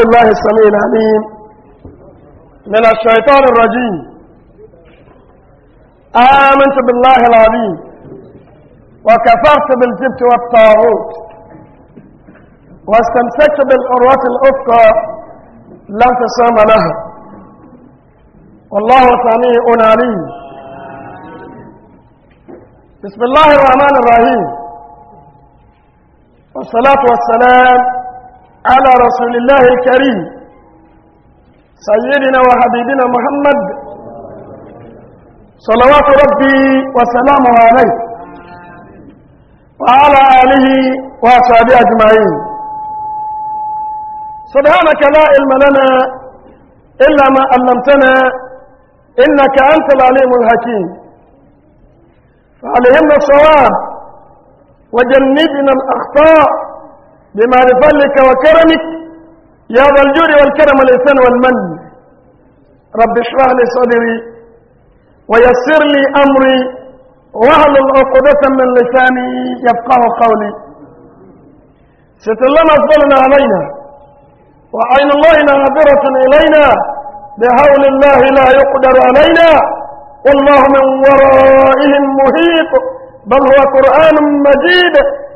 الله السميع العليم من الشيطان الرجيم آمنت بالله العظيم وكفرت بالجبت والطاغوت واستمسكت بالعروة الأفقى لا تسام لها والله سميع عليم بسم الله الرحمن الرحيم والصلاة والسلام على رسول الله الكريم سيدنا وحبيبنا محمد صلوات ربي وسلامه عليه وعلى آله وأصحابه أجمعين سبحانك لا علم لنا إلا ما علمتنا إنك أنت العليم الحكيم فعليهم الصواب وجنبنا الأخطاء بما لفضلك وكرمك يا ذا الجود والكرم والإحسان والمن رب اشرح لي صدري ويسر لي أمري واهلل عقدة من لساني يفقه قولي لنا فضلنا علينا وعين الله ناظرة إلينا بحول الله لا يقدر علينا والله من ورائهم محيط بل هو قرآن مجيد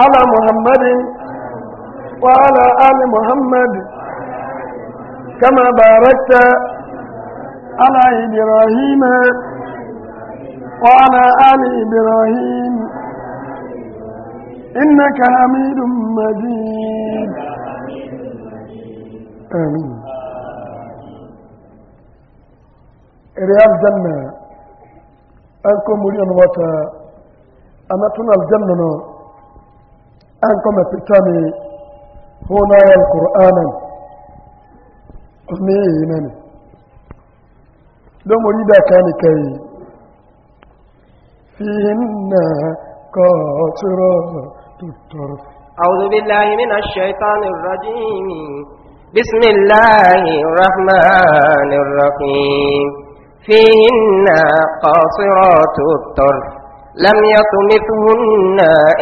على محمد وعلى آل محمد كما باركت على إبراهيم وعلى آل إبراهيم إنك حميد مجيد آمين ريال جنة أنكم مريم وطا أنا تنال جنة الآن كما في كامي هنا القرآن أمي إيماني لو مريدا كان كي فيهن كاترات الطرف أعوذ بالله من الشيطان الرجيم بسم الله الرحمن الرحيم فيهن قاصرات الطرف لم يطمثهن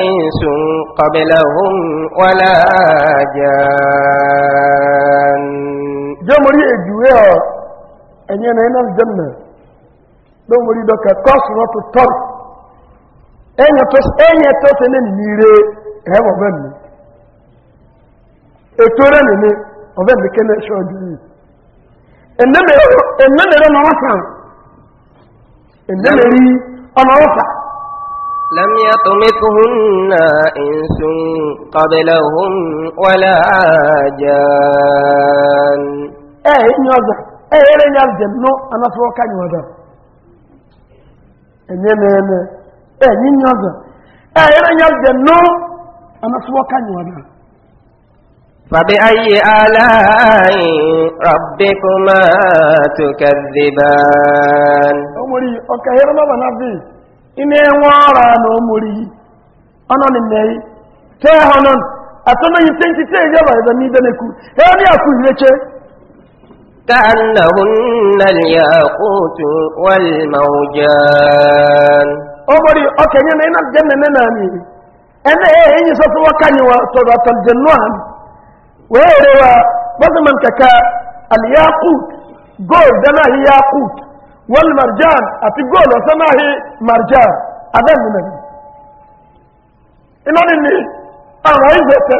إنس قبلهم ولا جان جمري إجوية أن ينين الجنة جمري دوكا كسرة الطرف أن يتوس أن يتوس أن يميري هوا بني إتورن ني أبن بكنا شوجي إنما إنما رمضان إنما ري أنا وفق لم يطمثهن إنس قبلهم ولا جان أي نيوزا أي رجال نو أنا فوق نيوزا إنما أي نيوزا أي رجال نو أنا فوق نيوزا فبأي آلاء ربكما تكذبان أمري أكهر ما بنافي ina enwe ọra na omori ọnọdụ mmeri tee ha nọ atụna yi senti tee ya bara n'ibe na-ekwu ha ndị akụziri eche كأنهن الياقوت والمرجان أمري أكن ينا الجنة ننامي أنا إيه إني سوف وكاني وصورة الجنوان وهو بضمن كا الياقوت جول دنا ya والمرجان أتقول وسماه مرجان أذن من إما مني أنا إذا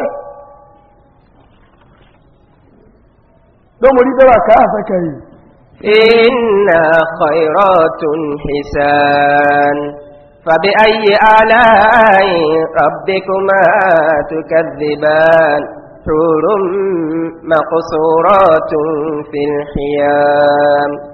دوم لي دراك أفكي إنا خيرات حسان فبأي آلاء ربكما تكذبان حور مقصورات في الحيام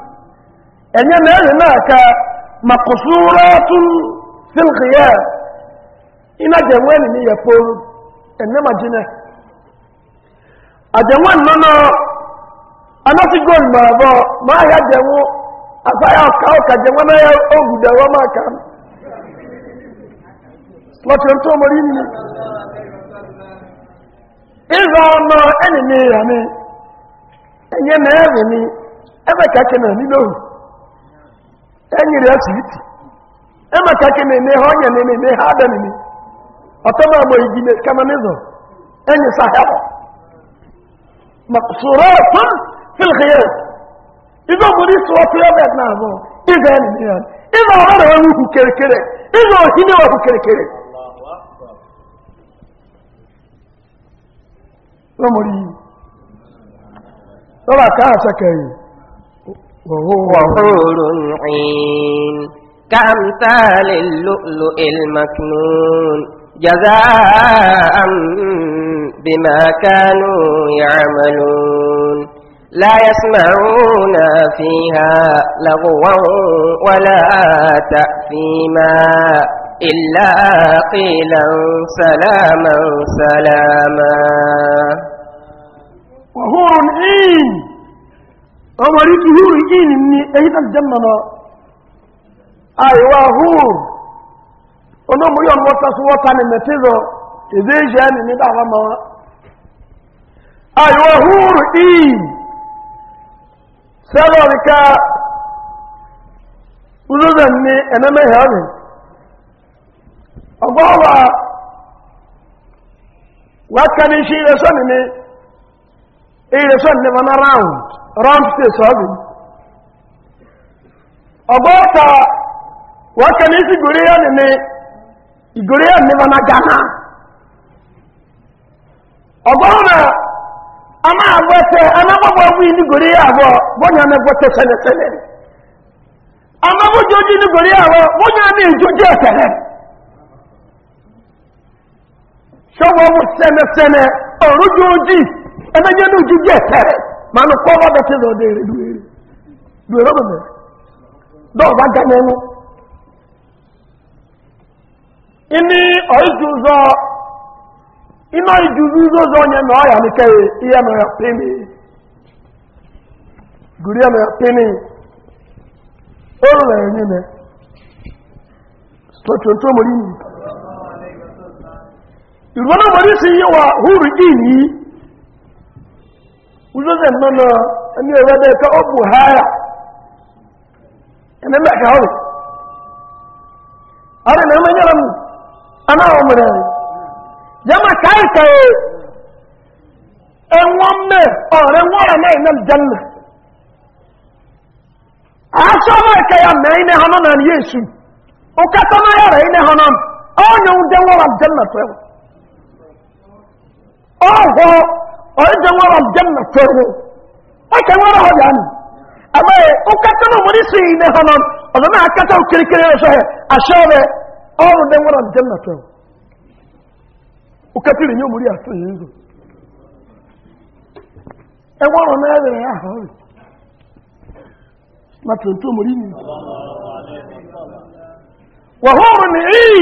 ẹ̀yẹ́ mẹ́rin ka ma filkiya iná jẹ̀wọ́ ya ní yẹ̀pọ̀rọ̀ ẹ̀nẹ́ majinẹ́ àjẹ̀wọ́ nínú anásígbò ìgbàbọ̀ máa yá jẹ̀wọ́ afáyà ọ̀ká ọ̀ká jẹ̀wọ́ náà ògùdẹ̀wọ́ máa kà á lọ́tí tó mọ̀rí ní ìrọ̀ ọmọ ẹni ní enyere ya switi emeka ke na-eme ha onye na-eme ha adanini ọtọba agbọghị gine kamanizọ enyi sahara maqsuratun fil khiyar izo muri suwa pyramid na azọ izo enyi ya izo ọbara ewu ukwu kerekere izo ohine wakwu kerekere وهو حور عين كأمثال اللؤلؤ المكنون جزاء بما كانوا يعملون لا يسمعون فيها لغوا ولا تأثيما إلا قيلا سلاما سلاما وهو عين ọmọ rí kí húrù ìní ní èyí tàbí jẹ́mọ̀ lọ àìwá húrù olóòmúrí ọ̀nà wọ́ta ni mẹ́tẹ́rọ ìdí ìṣẹ́ ẹni ní dáwà mọ́ àìwá húrù ìní sẹ́rọ̀ ríká rúrẹ̀ ní ẹnẹ́mẹ́hẹ́ ọ̀rìn ọgbọ́wà wákaní ìrẹsọ́ ni ní ìrẹsọ́ ni wọn wrong state ọbụ ọgbọ ka wọ́ọ̀kẹ́ ní sí ya yọ nìmi ìgòrí yọ na ghana ọgbọ na a máa gbọ́tẹ́ a na gbọ́gbọ́ a máa gbọ́jọ́ ojú ní gòrí bụ bọ́nyà ní ìjọ jẹ́ ẹ̀tẹ̀lẹ̀ ṣọwọ́ mú sẹ́lẹ̀sẹ́lẹ̀ ọ̀rújọ́ ojú ẹgbẹ́jẹ́ ní ojú jẹ́ ma kọ́ bá bẹ̀ tẹ́lẹ̀ ọdẹ rẹ̀ lùwẹ̀ rẹ̀ lùwẹ̀ lọ́dọ̀ mẹ́rin dọ́ọ̀ bá gánà ẹnu. iní ọ̀ìjù zọ iná ìjù zúzọ zọ yẹn nà ọ̀yà nìkẹ́ yẹ iye nà ọ̀yà pínì gùrí ẹ̀ ya ọ̀yà pínì ó lọ ẹ̀yìn tó mọ̀ rí nìyí. mọ̀ húrù yìí. uzoze nnono ani obadde ka obuhaala enemeka hobe ale namanyalamu anaawomulere na kaikaye enwomme ore na naina aljanna asobeke ya meine hononan yesu ukatona na. honon onyeunde nwora oho ọ̀rẹ́jẹ wọn rọ̀ na tọ́rọ a wọn rọ̀ yà ní àmọ́ ẹ̀ ó kẹta náà wọ́n ní sí ilé hàn náà ọ̀dọ̀ náà kẹta ó kiri kiri ẹ̀ṣọ́ ẹ̀ àṣẹ ọ̀rẹ́ ọ̀rọ̀ dẹ́ wọn rọ̀ jẹ́nà tọ́rọ ó kẹta rẹ̀ yóò ẹ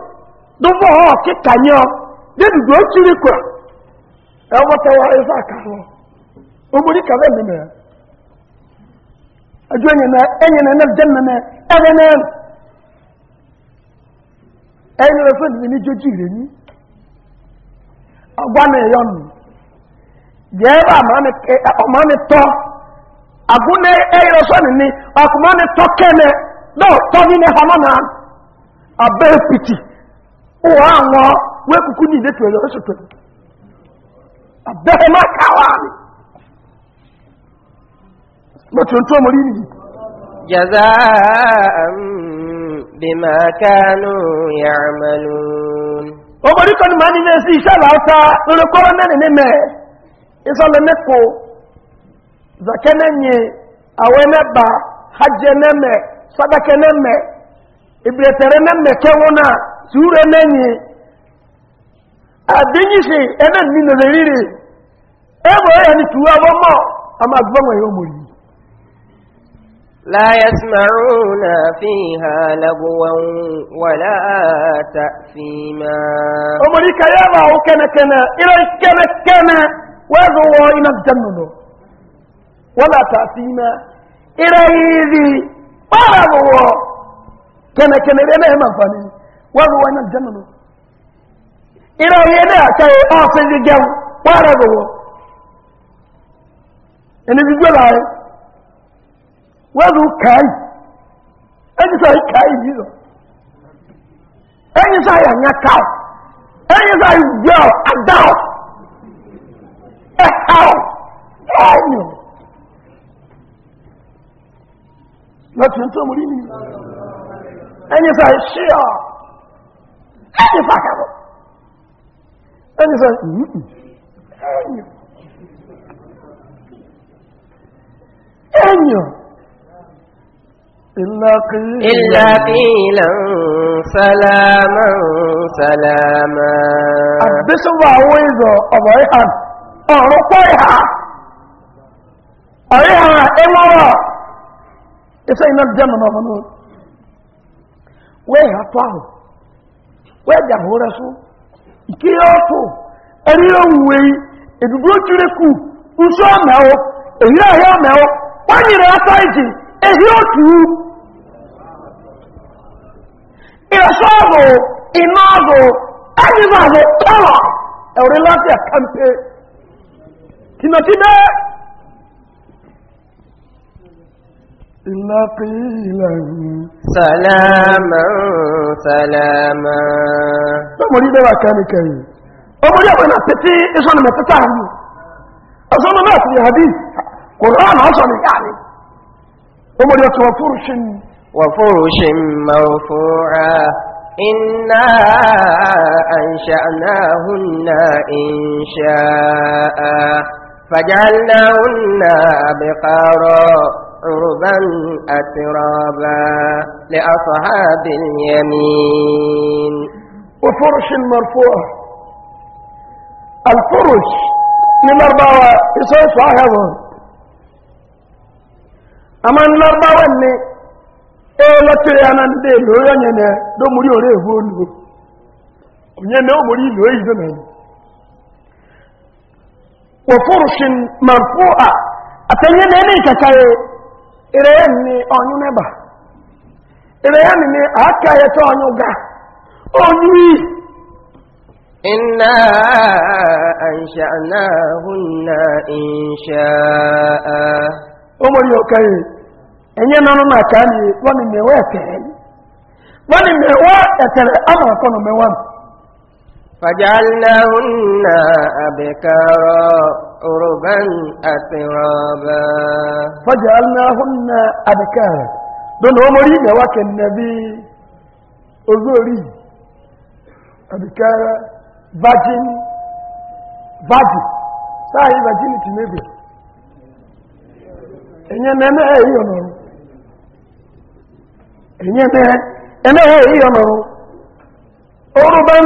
dɔbɔ hɔ keka nyɛ de dudu akyiri kura e ɛwɔtɔ wa ɛfɛ aka hɔ omori kabe nimɛ e adwo nyina ɛnyina ne dɛm nɛ ɛbɛ nɛ ɛnyina fɛ nimɛ ne dzo gyiri ni agba na ɛyɔ no yɛɛ ba ama ne ɛ ɔma ne tɔ ago ne ɛyɛrɛ sɔ ne ni ɔkoma ne tɔ kɛnɛ dɔw tɔ ni ne hɔ no na abɛ piti. ụwa anwụọ wee kuku niile twere osotere abẹ́rẹ́ má káwá mi mo tún tún jaza bima kanu yamalun. omori ikọ maa nínú esi iṣẹ́ làwùta lórí kọ́rọ́ náà nínú mẹ́ ìsọ̀lẹ̀ mẹ́kọ̀ zakẹ́ náà nye àwọn ẹ̀mẹ́ba hajjẹ́ sùúrù lẹ́yìn àdéyìṣe ẹ̀nà nínú lè ríre ẹgbẹ̀ ẹ̀yà ni tùú àwọn mọ́ a máa gbọ́mọ̀ yóò mọ̀ yìí láyé smarúnà fi ha lagowan wàlá ta fi iná jẹ́nùnù yìí rí pàrọ̀ wọ kẹ́nẹkẹ́nẹ rẹ̀ náà wọ́n wọ́n náà jẹ́nà lọ. Ìrọ̀ yẹ náà kẹ́ ọ́fẹ́ ní jẹun pààrẹ Ẹni bí gbọ́lá wọ́n rú kàáyì, ẹni sọ kàáyì yìí lọ. Ẹni sọ yà ń yàká ọ̀, ẹni sọ yà ọ̀ àdá ọ̀, ẹ̀ka Lọ́tún tó mú rí mi. Ẹni sọ ṣí ẹni fàkàbọ̀ ẹni sọ ẹ̀yìn ẹ̀yìn إلا قيلا سلاما سلاما أبسوا عويزة أضعيها أرطيها أريها إمارة إسا إنا الجنة ما ظنون ويها طعب wẹ́ẹ̀dà hóra só ìké ọ́tọ̀ ẹ̀rí òwúwé ìdúgbò kiri kù nsọ́ ọ̀mẹ́wọ́ èyí ọ̀hẹ́ ọ̀mẹ́wọ́ wọ́n nyere èyí òtù ìrọ̀sọ́ ọ̀bọ̀ iná إلا قيلا سلاما سلاما أمري دوا كاني كاي أمري أنا بتي إيشان ما بتاعي أظن ما في حديث قرآن أصلا يعني أمري وفرش وفرش مرفوعة إنا أنشأناهن إن شاء فجعلناهن بقارا عربا أترابا لأصحاب اليمين وفرش مرفوع الفرش للأربعة يصير صاحبه أما الأربعة أني إيه لا تري أنا ندي لو يعني دو مري أوري هو لو يعني دو مري لو يجمعني وفرش مرفوعة أتني نبي كاكاي ire ni onyu neba ere ya ni aka ya to ọnyụ ga onyu inna ansha'nahunna insha'a omori okai enye no no maka ni woni me wa tere woni me wa tere ama ko no me wa فجعلناهن أبكارا عربا أترابا فجعلناهن أبكارا دون عمري جواك النبي أزوري أبكارا virgin virgin sáàyè virginity níbi ẹ̀yẹn mẹ́mẹ́ virgin virgin ọ̀nà ọ̀run ẹ̀yẹn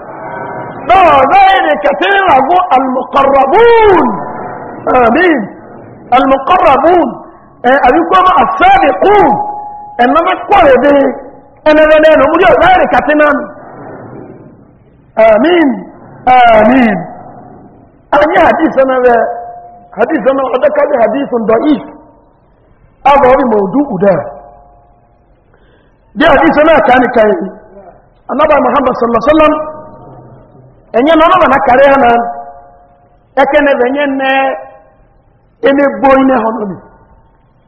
ما غير كثير المقربون آمين المقربون آه، أبيكم السابقون إنما تقول به أنا لنا نمر غير كثير آمين آمين أنا حديثنا حديثنا وذاك حديث ضعيف هذا هو موضوع ده دي حديثنا كان كاين النبي محمد صلى الله عليه وسلم enye na ọnọdụ akarịa na ekene bụ enye nne enegbo ine ha ọnọdụ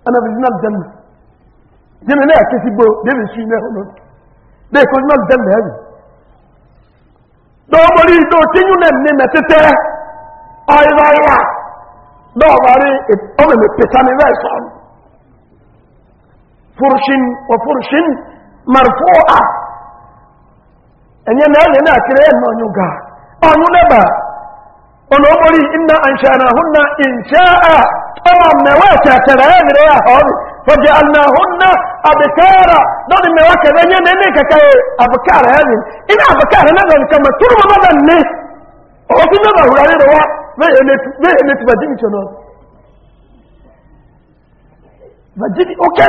anabizi na aljanna jẹmi náà kesi gbo david su ine ha ọnọdụ bẹẹ kọjú na aljanna ẹbi dọwọmọrí dọwọtínú náà ní mẹtẹtẹ ọyọba ya dọwọmọrí ọmọ mi pẹta mi bẹẹ sọ ọnù furushin wa furushin marfu'a enye na ẹlẹ náà kiri ẹ nọ nyuga. ọ̀yún lẹ́bà olóòmórí iná àṣàràhúnná ìṣáà ọmọ mẹ́wàá ìṣàtẹ̀rẹ̀ ẹ̀mìrẹ́ àhọ́rù fọ́jẹ́ àlàhúnná àbìkára lọ́dí mẹ́wàá kẹfẹ́ yẹ́ ní kẹkẹ́ àbìkára ẹ̀mì iná àbìkára lẹ́bà nǹkan mẹ́ tó rọ́ mọ́bà ní ọwọ́ tí lọ́bà wùrà rẹ̀ wá bẹ́ẹ̀ ti bàjí ìṣọ̀nà bàjí ó kẹ́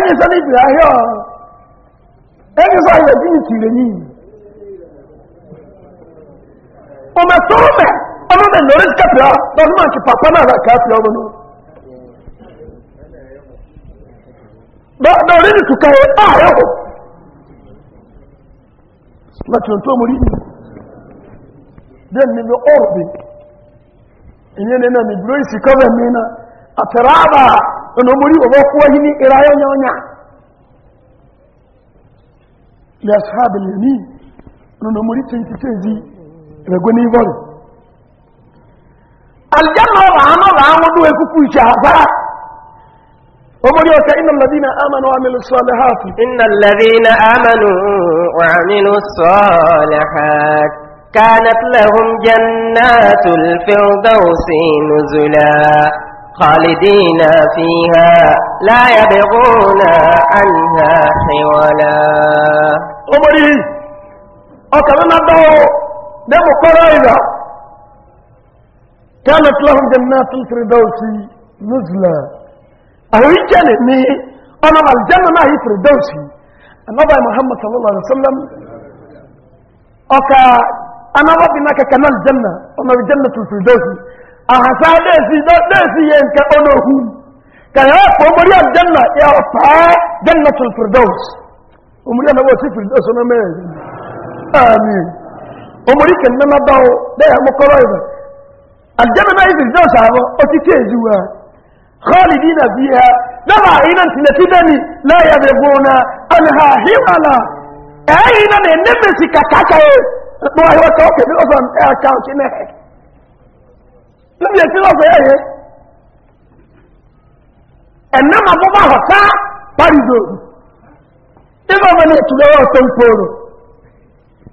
ọmọ sọ́rọ̀ mẹ́ ọmọ mẹ́ lórí kẹfìá lọ́dún máa ti pàpá náà rà kẹfìá ọmọ náà lórí ìtùkà yẹ ààrẹ kò lọ́tún tó mú rí ni dẹ́n mi lọ ọ̀rọ̀ bí ìyẹn ní náà mi dúró ìsì kọ́fẹ̀ mi náà àtẹ̀rà àbà ọ̀nà mú rí ọ̀bọ̀ kú ọ̀yí ní ìráyọ̀ yọ̀nyà lẹ́sàbẹ̀lẹ̀ ní ọ̀nà mú rí tẹ́ntì tẹ́ntì ẹgbẹ́gbẹ́ ní ìbọ̀rẹ̀ aljanna ọ̀rọ̀ àánú ọ̀rọ̀ àwọn ọdún ekúkú ìṣẹ́ àbára omori ọ̀tẹ iná ladina amanu amilu sọ́ọ̀lẹ̀ hàtì iná ladina amanu amilu sọ́ọ̀lẹ̀ hàtì كانت لهم جنات الفردوس نزلا خالدين فيها لا يبغون عنها حولا أمري أكرم الدور دم قرائدة كانت لهم جنات الفردوس نزلا أهو الجنة مي أنا مع الجنة ما هي فردوس النبي محمد صلى الله عليه وسلم أكا أنا ربي ناكا كنا الجنة أنا بجنة الفردوس أحسا ديسي ليسي ينكا كان كيا فمريا الجنة يا أفا جنة الفردوس ومريا نبوسي فردوس أنا مين آمين omori ke nnama bawo da ya mukoro ibe aljanna na ibi zo sabo otike ezuwa khalidina fiha dama inan tinatidani la yabghuna anha hiwala ai e na ne nebe sikakaka e no ai wa ko ke o san e aka o kine nabi ti e lo fe ye enama bo ba hota parizo ibo mane tulewa temporo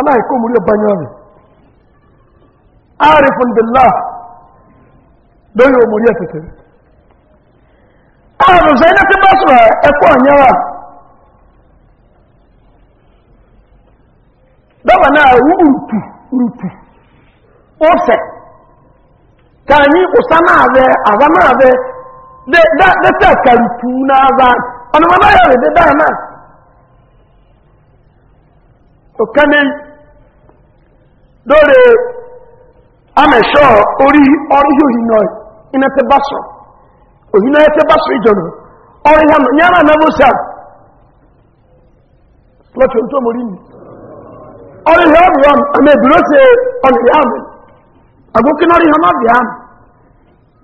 anaghị ka omori ọbanye ọrịa arịfụ ndị la ya omori ẹ̀sẹ̀sẹ̀ àrùsẹ̀ iná tí bá sọ̀rọ̀ ẹ̀kọ́ ọ̀nyára dọ́wà náà rúùtù rúùtù ọ̀sẹ̀ ka anyị ụsa na na na okanin dole amesho ori ori ina te baso te baso ijono ori ha na bo sha lo tun to mori ni ori ha ro ame duro se ori ha me agokin ha ma bi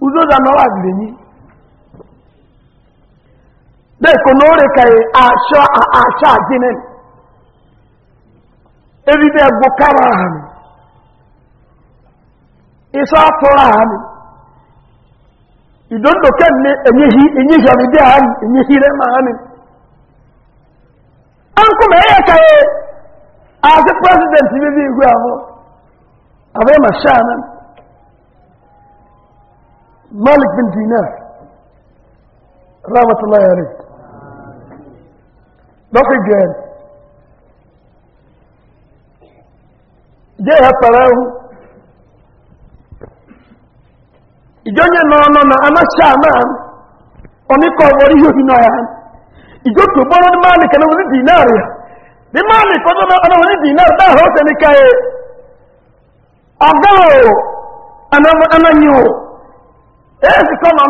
uzo no wa ni de ko no re kai a sha a ebide agwụkara ahụ ịsa atụrụ ahụ idondo kenne enyehi enyehi abide ahụ enyehi rema ahụ ankụ ma ya ka ye azị president bibi igwe ahụ abe ma shanan malik bin dinar rahmatullahi alayhi dọkị jere je hapara ahụ ije onye nọ na anacha ama ọnịkọ ọgbọrọ ihe ohi n'ọya ije otu gbọrọ ndị maali ka n'onwe ndị ya ndị maali ka ọzọ n'onwe dinarị bụ ahụ n'ike ya ọgaghị ananyị o ezikọ nọ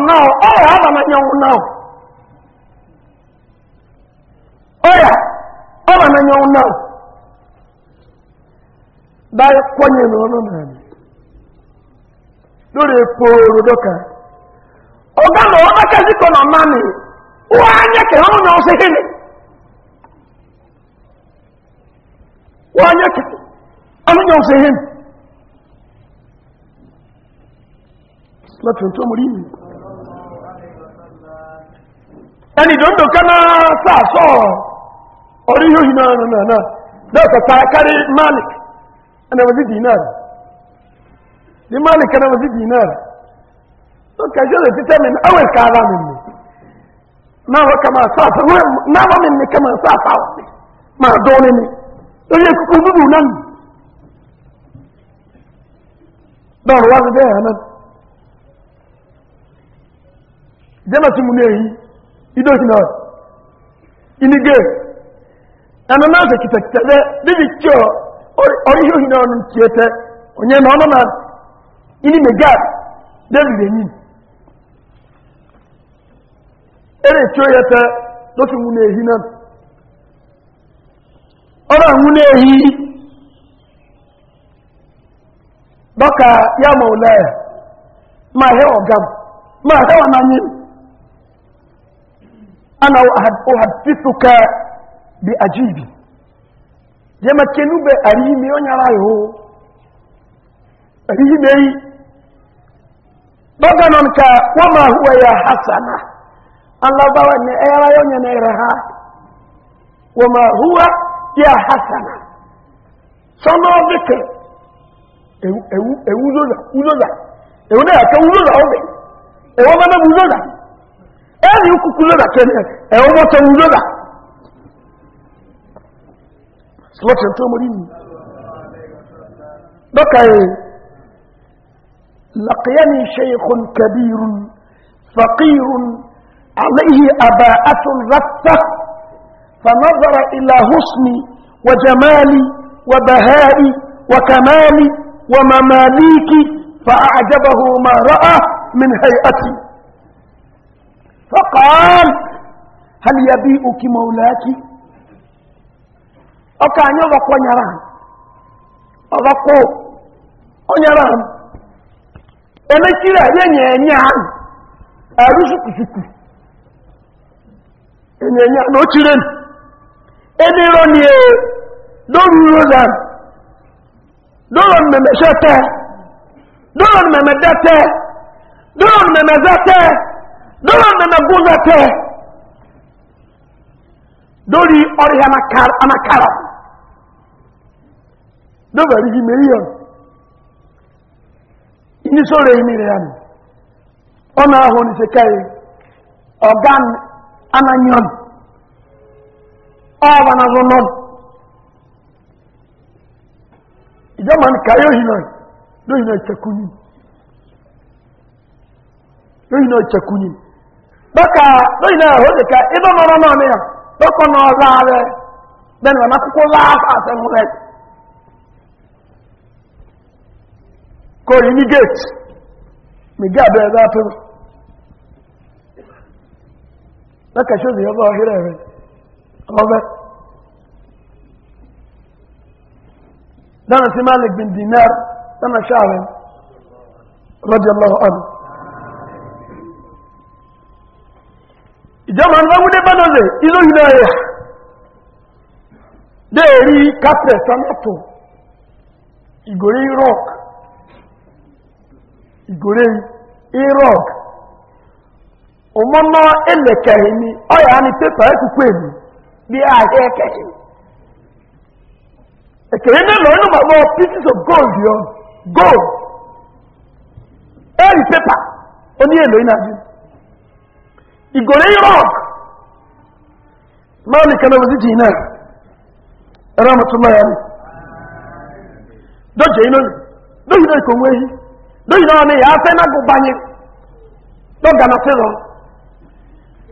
na na báyìí kọ́nyẹ̀ ní ọ̀nà náà lórí epo olùdókà ọ̀gá lọ ọ́kẹ́ sí kọ́nà máa wọ́n á nyẹ́ kẹ́ ọ́nà ọ̀sẹ̀ hìnnì wọ́n á nyẹ́ kẹ́ ọ́nà ọ̀sẹ̀ hìnnì lọ́tún tó mú rí ẹni sáà sọ̀rọ̀ orí yóò yìí أنا وزيد دينار دي مالك أنا وزيد دينار كان جزء تتمن أول كعبة مني ما هو كما صاف ما هو مني كما صاف ما دونني يقول كوبو نن دور واحد ده أنا جمع سمونيه يدوش نار إني جاي أنا ناسك تكتب ده دي بيتشو ọrịa ohi na ọnụ tiete onye na ọnụ na ini megad david enyi ere tio ya te lọsi nwụ na-ehi na ọrụ anwụ na-ehi dọka ya ma ụla ya ma he ọgam ma he ọ n'anyị ana ụhadfisuka bi ajibi yẹmẹ kẹnu bẹ àríyí mi ọ̀nyára yìí o àríyí bẹ́ẹ̀ yìí hasana alábáwá ni ẹ̀yára e yóò yẹn ẹ̀rẹ̀ ha wọ́n máa hu hasana sọ́nà ọ̀dẹ́kẹ̀ ewu zoza uzoza ewu náà yàtọ̀ uzoza ọ̀bẹ ẹ̀wọ́n bẹ́ẹ̀ náà uzoza ẹ̀yìn kúkú zoza kẹ́ni ẹ̀wọ́n bọ́tọ̀ uzoza. E lọ́kẹ̀ tó mú rí ní لقيني شيخ كبير فقير عليه أباءة رثة فنظر إلى حسني وجمالي وبهائي وكمالي ومماليكي فأعجبه ما رأى من هيئتي فقال هل يبيئك مولاك ọka anyị ọbakwa nyara ọbakwa ọnyara emechiri anyị enye enye ahụ arụ sukusuku enye enye na ochire m edero ni e lórí rosa lórí mmemme sẹtẹ lórí mmemme dẹtẹ lórí mmemme zete lórí mmemme gúzẹtẹ lórí ọrẹ anakara. dọ́bàrí fi mẹ́rí ọ̀nà ní sọ́rọ̀ ìmì rẹ̀ àmì ọmọ ahùn ní ṣekẹ́rì ọ̀gán anányọ́n ọ̀bánazọ́nọ́n ìjọba ní kàrí òyìnà lóyìnà ìtẹ̀kùnyìn lóyìnà ìtẹ̀kùnyìn bọ́kà lóyìnà ìhòdìkà ọ̀rọ̀ náà ní rẹ̀ kò yí ní gate mìgá àbẹ̀rẹ̀ bá tó lọ́kàṣẹ́ òbí ọba ọ̀hírẹ̀ rẹ̀ ọmọbẹ̀ dáná sí malik bin dinar dáná ṣáàrẹ̀ rọ́jì ọlọ́rọ̀ ọ̀nà ìjọba ń lọ́wọ́dé bá lọ́lẹ̀ kápẹ̀ sanato ìgòrí rock igorei iraq ụmụnọ elekehimi ọya ni pepa ekuku emi bi ahịa ekehi ekere ndị ụlọ onye gbagbo pieces of gold yọ gold eri pepa onye elo ịnajụ igoro iraq maọlị kanabụzi ji na ramatụlọ ya dọjọ inoli dọjọ inoli ka onwe ihe lóyìn náà ni yàá fẹ́ náà kó bá yẹn lọ́gà náà fẹ́ lọ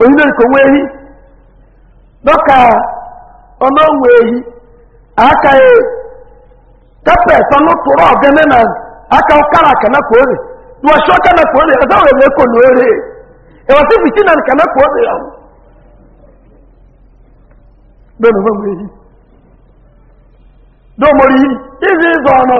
òyìn náà kò wéyí lọ́kà ọ̀nà wéyí àáka yẹ kápẹ́ sọnù tòrọ ọ̀gẹ́ nínà àáka ọ̀kára kàná kò rè wọ́n aṣọ kàná kò rè ẹ̀dá òrèlè kò ló rè ẹ̀wọ̀n sí fìtí náà kàná kò rè ọ̀hún. lónìí wọ́n wéyí lómori yìí ìzì ìzọ̀ ọ̀nà.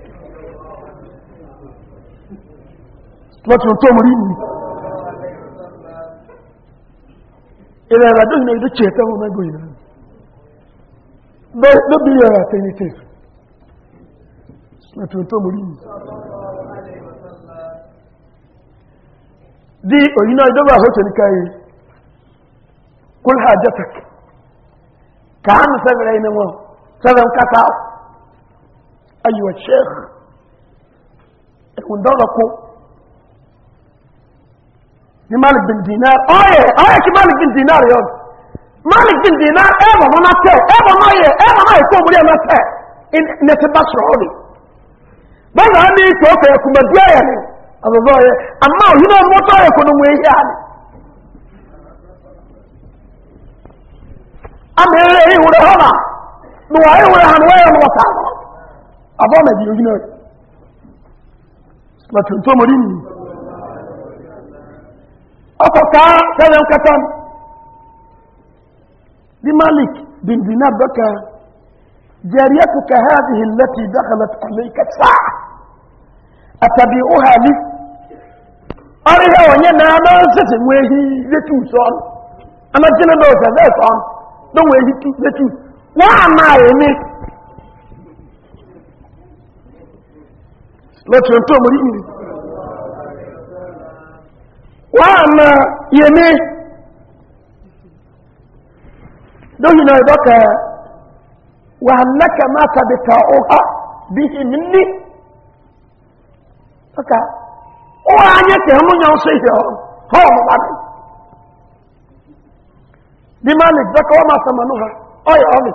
láti ohun tó mú rí ní ilẹ̀ ìrìnàjò ìnà ìlú tí ẹ̀tẹ́ ọmọ ẹgbò ìrìnà lóbi ẹ̀rọ àtẹ́yìntẹ́ láti ohun tó mú rí ní di òyìnà ìjọba àhóṣẹ́ ní káyé kúlhà jẹ́tàk kàánù sẹ́bẹ̀rẹ̀ iná wọn sẹ́bẹ̀ ń kátà ayùwẹ̀ ṣẹ́ẹ̀kù ẹ̀kùn dọ́rọ̀ kó ni malik bin dinar oye oye ki malik bin dinar yon malik bin dinar eba eh, mana te eba eh, ma ye eba eh, ma ye ko muri ma te in ne ba shori ba na ni ko ko ku ma duya ni abuzo ye amma yi na mo ya ni am he re hu ra ha no wa ye ha no ya mo ta abo na bi yo na ma tun ọkọ̀ká tẹ́lẹ̀ nkẹta bí malik bin dinar bẹ́ka jẹ́rìẹ́kù kẹhàdì hìlẹ́tì dákàlẹ̀tì àmẹ́kẹta àtàbí òhàlì ọrịa onye na-ama nsịsị nwa ehi letu sọn anagina na ọzọ ebe na wọn wàhánà yèmí lóyìn náà ìbọ́kà wàhánàkà máa tàbí ta ọ̀há bí i mi ní ọkà ó wà ányẹ́ tẹ̀ ọmọ yàn ṣe yọ ọmọ bá mi bí máa lè gbẹ́kọ̀ wọ́n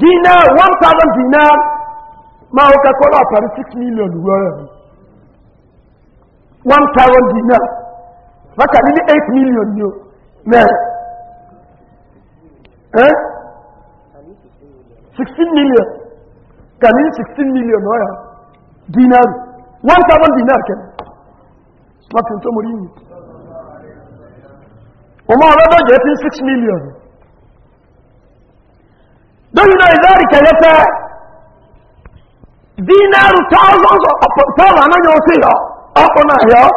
in one thousand máa ó kẹ́kọ̀ọ́ náà parí six million wọ́ọ̀rẹ́ mi one thousand dinar bákà ní ní eight million ni o mẹ́rin sixteen million kà ní sixteen million ọ̀yà dinar one thousand dinar kẹ́mi wọ́n ti ń tó mo rí yìí ọmọ ọlọ́dọ̀ jẹ́ fi six million lórí náà ìdáríkẹ́ yẹn fẹ́ẹ́. dinaru thousands of dollars anaghị nyɛ ɔsi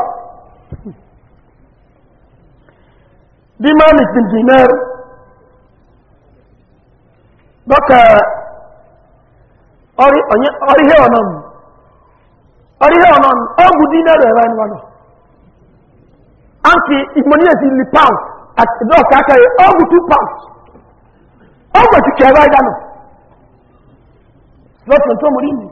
di man is uh, in dinar dɔkɛ ɔri ɔnyɛ ɔri hɛ ɔnɔm dinar ɛrɛ ni li pound àti dɔkɛ aka yɛ ọgwụ two pounds ɔgu ɛti kɛrɛ ɛrɛ dànù lọ́sọ̀tún mú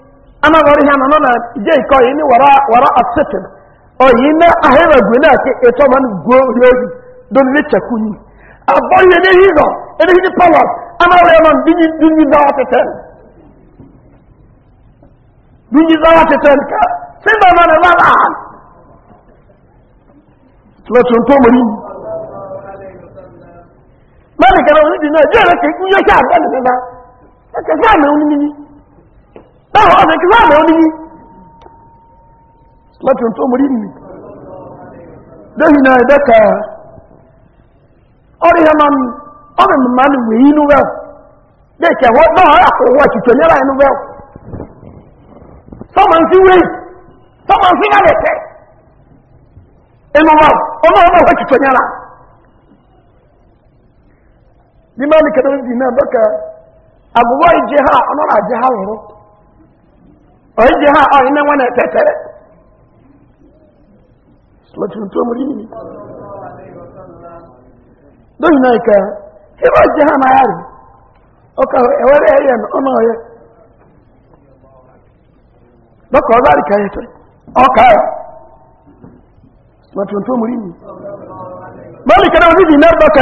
ama bari hana na je ko yini wara wara asitin o na ahira gwina ke eto man go yoyi don le chakuni aboye ne hizo ene hini power ama we man dinyi dinyi da ateten dinyi da ka simba mana ke sha na ka ọ̀rọ̀ ọ̀sẹ̀ ọzọ wọ́n lọ́wọ́ níyí láti ohun tó mú rí nìyí lẹ́yìn náà ẹ̀dẹ́ka ọ̀rẹ́ yẹn máa ń ọ̀rẹ́ mi máa ń wè yí inú bẹ́ẹ̀ lẹ́ẹ̀kẹ́ wọ́n ha ji ha ọ̀ iná wọn na lọ́tún tó mú rí ní lóyìn ha máa rí ọkà ẹwẹ́rẹ́ na ọ̀nà ọ̀yẹ́ lọ́kọ̀ ọ̀dá rí kàyẹ̀ tẹ́ ọkà ẹ̀ lọ́tún tó mú rí ní bọ́ọ̀lì kẹ́rẹ́ wọn nídìí náà bọ́kà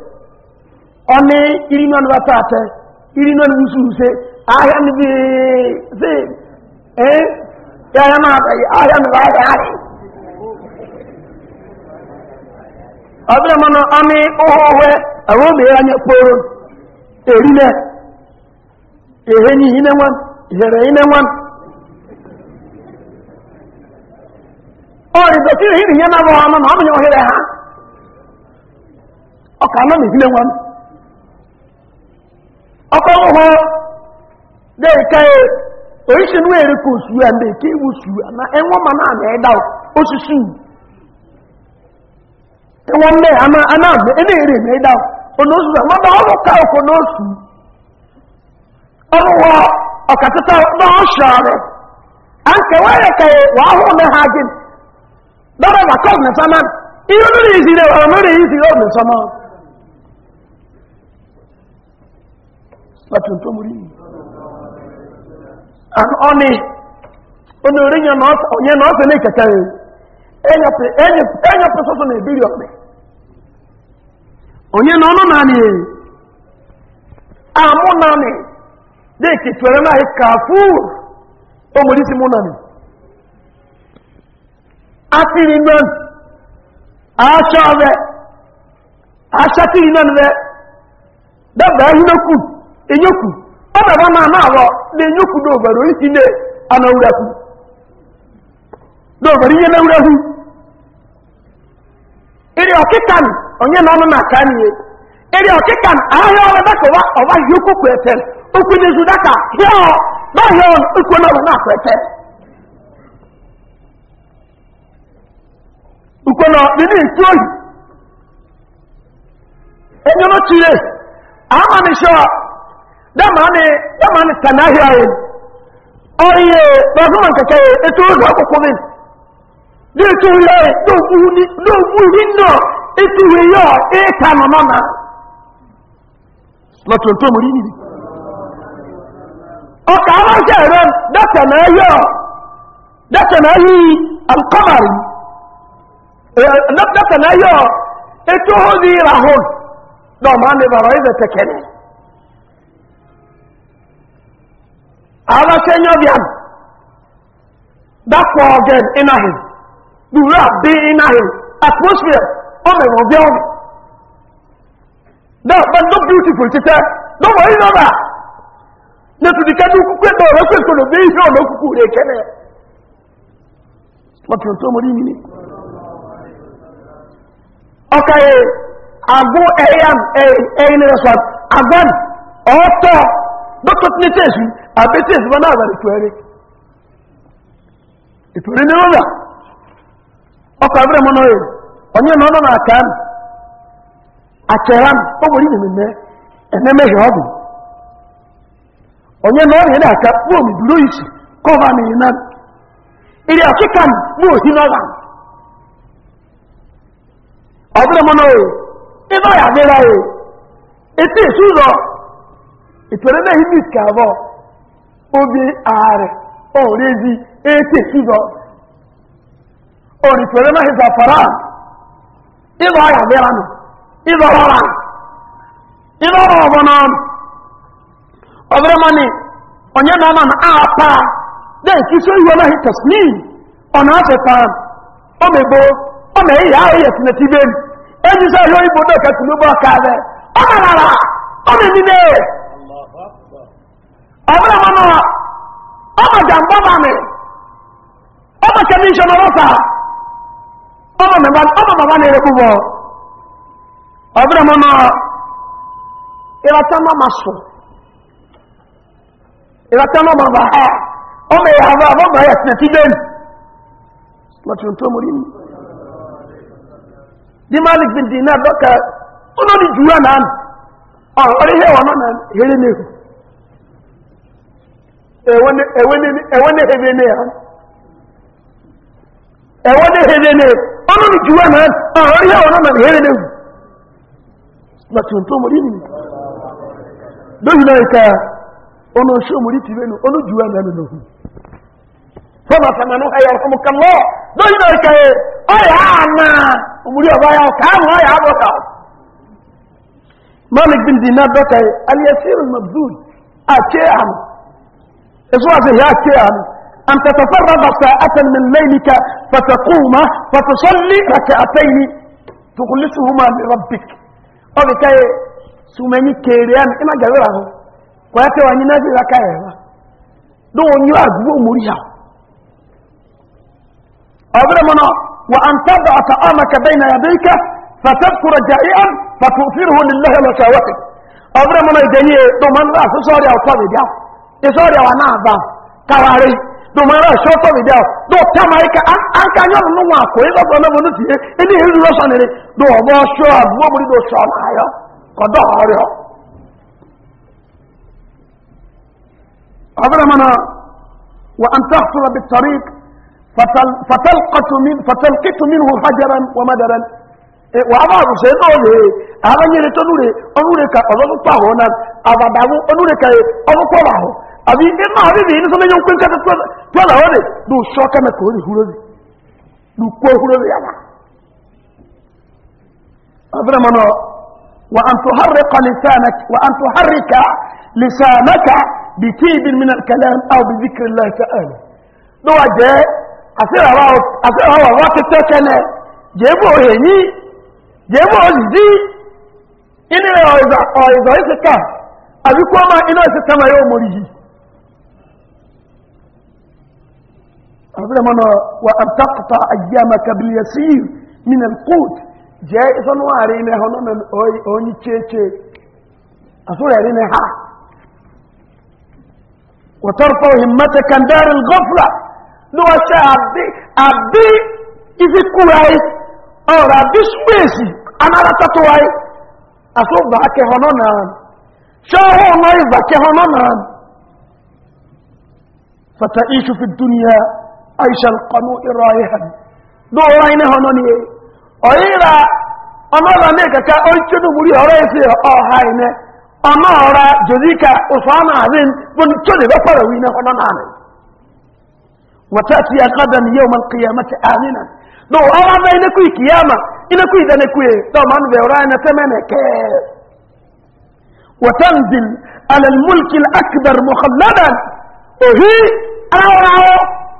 ọmọ irin náà wá iri irin náà wúsù ṣe ahẹ́ níbi ṣe ẹ́ ahịa máa ahịa ahẹ́ níbi ahẹ́ ahẹ́ ọdún ọmọ náà ọmọ ọhọ́hẹ́ àwọn ọmọ eri na kpọrọ èrí na nwa ní na ha ọkọ̀ hụ dịka oríṣi ní èrè kò sù ẹ̀ eke kí ìwò sù àmà ẹwọ́n ma náà mẹ́ ẹ̀dá oṣìṣì ẹwọ́n na àmà anáàmẹ́ ẹ̀dá èrè mẹ́ ẹ̀dá ọ̀nà oṣù àmà bá ọmọ ká ọkọ̀ n'oṣù ọmọ wọ ha ihe láti tó múrí yìí ọ̀nì onórí yẹn náà fẹ́ ní kẹ̀kẹ́ rẹ̀ ẹ̀yẹ pẹ́ sọ́sọ́ ní onye e. na ọnụ naanị eyi amụ naanị dịka twere na anyị kafu o nwere isi mụ naanị asịrị nan acha ọbẹ acha tiri nan bẹ dabba enyoku ọ baba ma ama awọ na enyoku do obere isi ne anawuraku do obere ihe nawuraku eri ọkịkan onye na ọnụ na-aka n'ihe eri ọkịkan ahịa ọrụ daka ọwa ọwa ihe ukwu kwete okwu n'izu daka hịa ọ na ahịa ọrụ ukwu na ọrụ na-akwete ukwu nọ ọdịnihu ntụ oyi enyo n'otu ihe ahụ na ọrụ dama ne dama ne tanahiya ye ɔye etu o ọkụkọ koko bin do nɔ yɔ e ta nɔnɔ na ma tonto mori ni bi ɔka ama kɛ yɛrɛ da tɛmɛ yɔ da yi alikɔmari da na yɔ e, etu ozi rahul na dɔn maa ne ara se nya bian da ko gen ina hin dura be ina hin atmosphere o me wo bian da but look beautiful tete no worry no ba ne tu dikadu ku pe do re pe ko lo be ife o lo kuku re kene mo ti o to mo ri ni okay agbo eyam eyin resort agbon ọtọ dọ́kọ̀tí ní tẹ́ẹ̀sù àbẹ́tẹ́ ìsìnbá náà bá ètò ẹ̀rẹ́ ètò ẹ̀rẹ́ ní rọ́rà ọkọ̀ abẹ́rẹ́ mọ́nà rẹ̀ ọ̀nyẹ́ náà náà àkà mi àkẹ́rà mi ó wòrí mi na ẹ̀mẹ́ mẹ́hẹ̀ ọ̀gùn ọ̀nyẹ́ náà rẹ̀ àkà fún omi dúró ìsì kọ́ bá mi ìrì àkíkà mi mú náà ìbáyà ìtòrè náà yìí ka abụọ obi ààrẹ ọ̀rẹ́ ezi ètè ìzọ ọ̀rẹ́ na náà ìzọ fara ìzọ ọ̀yà bẹ́ra nù ìzọ rọra ìzọ rọ ọ̀bọ̀ náà ọ̀bẹ̀rẹ̀ mọ́ ni ọ̀nyẹ́ náà na náà ọbụla mama mana ọmaja mgbaba mi ọmaja ndị nchọ n'ọrọsa mama na ere bọ ọbụla mama ịrata mama so ịrata mama ba ha ọ mee ya abụọ abụọ ya si n'eti dem lọtụrụ ntụ omori mi di malik bin dinar dọka ụlọ dị juwa na anụ ọ ihe ọ na here n'ehu ewenehebe ya ewenehebe ni juwa ah, na ọrụ ihe ọrụ na ihe na ti nto mori ni doyi na nka ọnụ nsọ mori ti benu ọnụ juwa na nọ n'ohu sàmánú ayé ọkọmọ kàmọ doyi na ọyà àná omori ọba ya ọkà ahụ ọyà abọta malik bin dinar dọka ye aliyasiru mabdul a ce إزواجه يأتيان أن تتفرغ ساعة من ليلك فتقوم فتصلي ركعتين تخلصهما لربك أوكي كاي سمني كيريان إما جاوراه كواتي وأني نازل ركاية دو نيوا غو موريا أبرا منا وأن تضع طعامك بين يديك فتذكر جائعا فتؤثره لله وشاوته أبرا منا يجيني دو من رأس صاري أو صاري جاوه isori wa na aba kawari domin yau shi otu video do ta ma ika an ka yi ọnụ nwa akụ ịzọ bụ ọnụbụ n'uti ihe ndị ihe ruru ọsọ nere do ọgbọ ọsọ abụọ bụrụ dị ọsọ na ayọ kọdọ ọrịọ ọbụrụ mana wa an ta fura bi tarik fatalkitu min hu hajaran wa madaran e, wa aba abu sai do le aba nyere to nure onure ka ọzọ tụtụ ahụ na abadawu onure ka ọzọ tụtụ ahụ àbí iná àbíbí ní sọ́lé yóò pín kẹta tí ó làwọ́ rẹ̀ ló ṣọ́ kẹ́mẹ̀kọ́ orí húrórí ló kó húrórí àwà abúrẹ́mọ́nà wà án tó hárríkà lìṣànáka bí kí ibi mìíràn kẹlẹ́ àwọn bí zikiri láìsẹ̀ ẹ̀rọ ló wà jẹ́ àṣíràwọ̀ wá kẹ́kẹ́ kẹ́lẹ̀ jẹ́bù òhèyí jẹ́bù òjìjí inú ọ̀ìzọ̀ ìsìnká àbíkú ọmọ inú ìsìnká ma yóò mórí yìí أبدا من وأن تقطع أيامك باليسير من القوت جائزا وعلينا هنا من أوني تشي تشي أصول علينا ها وترفع همتك عن دار الغفلة لو أشاء أبي أبي إذا كواي أو أبي سبيسي أنا لا تتواي أصول ذاك هنا نعم. شاهو نايف ذاك هنا نعم. فتعيش في الدنيا aishal kanu iraihan do rai ne hono ni oira ona ba ne kaka o chudu muri ora ese o hai ne ona ora jodika usana azin bun chudu ba para wi ne hono na ne watati qadan yawm alqiyamati amina do ora ba ne ku kiyama ina ku idane ku e do man be ora ne temene ke وتنزل على الملك الأكبر مخلدا وهي أو أو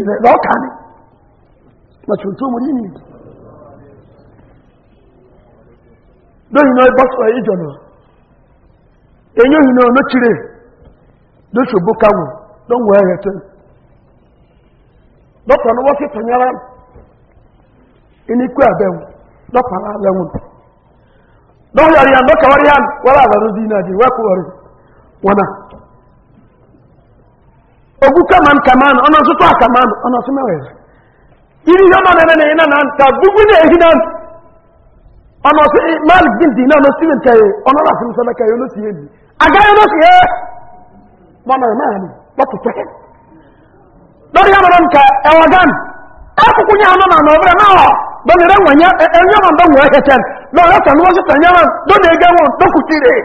ìfẹ̀ lọ́ọ̀kà ni mọ̀tún tó mú nínú ìdí lóyìn náà bọ́sọ̀ ìjọ̀nà èyí òyìn náà lókìrè lóṣògbó káwọn lọ́wọ́ ẹ̀rẹ̀ tẹ́ lọ́pàá ni wọ́n fi tẹ̀yára iníkú àbẹ̀wò lọ́pàá lẹ́wọ̀n lọ́wọ́ yàrá yàn lọ́kàwárí yàn wọ́n rà lọ́rọ́ dínà dì wẹ́kọ̀ọ́rẹ́ wọn náà ogu kaman kaman ọ̀nà sọ́tọ́ àkàman ọ̀nà sí mẹ́wẹ̀ẹ́ ìrí yọ́nà nẹ́nẹ́ nẹ́yìn náà ta gbogbo ní èyí náà ọ̀nà sí na bin dina ọ̀nà steven kẹyẹ ọ̀nà láti musa mẹ́kẹyẹ ọ̀nà sí yẹn agáyé ló sì yẹ mọ́nà ẹ̀ máa ní lọ́tù tẹ́kẹ́ lórí yọ́nà náà nka ẹ̀wọ̀n gan ẹ̀kùkù ní àná nàá ọ̀bẹ̀rẹ̀ náà bẹ̀rẹ̀ wọ̀nyẹ́ ẹ̀yọ́nà bẹ̀ wọ̀ ẹ̀kẹ́kẹ́ lọ́rẹ́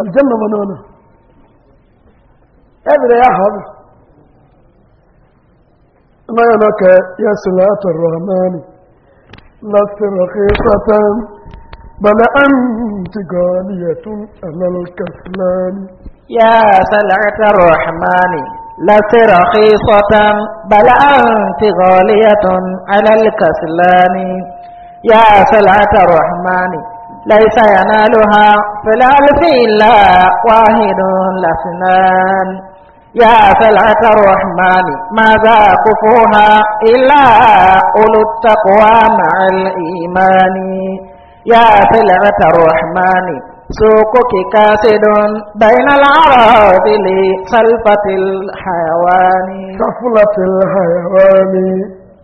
الجنة بنانا أدري يا حظ ما ينكى يا سلاة الرحمن لست رخيصة بل أنت غالية أنا الكسلان يا سلعة الرحمن لست رخيصة بل أنت غالية على الكسلان يا سلعة الرحمن ليس ينالها في الألف إلا واحد لسنان يا سلعة الرحمن ماذا كفوها إلا أولو التقوى مع الإيمان يا سلعة الرحمن سوقك كاسد بين العراض لسلفة الحيوان سفلة الحيوان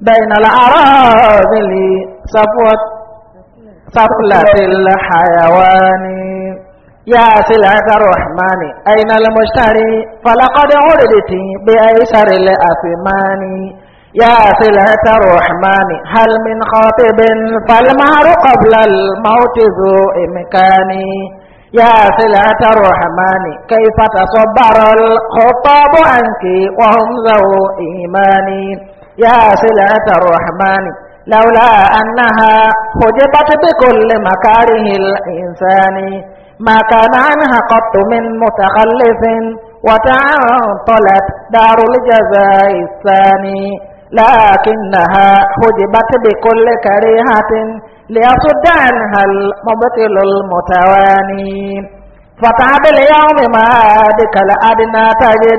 بين الأراضي صفوة صفلة الحيوان يا سلعة الرحمن أين المشتري فلقد عرضت بأيسر الأثمان يا سلعة الرحمن هل من خاطب فالمهر قبل الموت ذو إمكان يا سلعة الرحمن كيف تصبر الخطاب عنك وهم ذو إيمان يا سلعة الرحمن لولا أنها حجبت بكل مكاره الإنسان ما كان عنها قط من متخلف وتعطلت دار الجزاء الثاني لكنها حجبت بكل كريهة ليصد عنها المبطل المتواني فتعب اليوم ما بك الأدنى تجد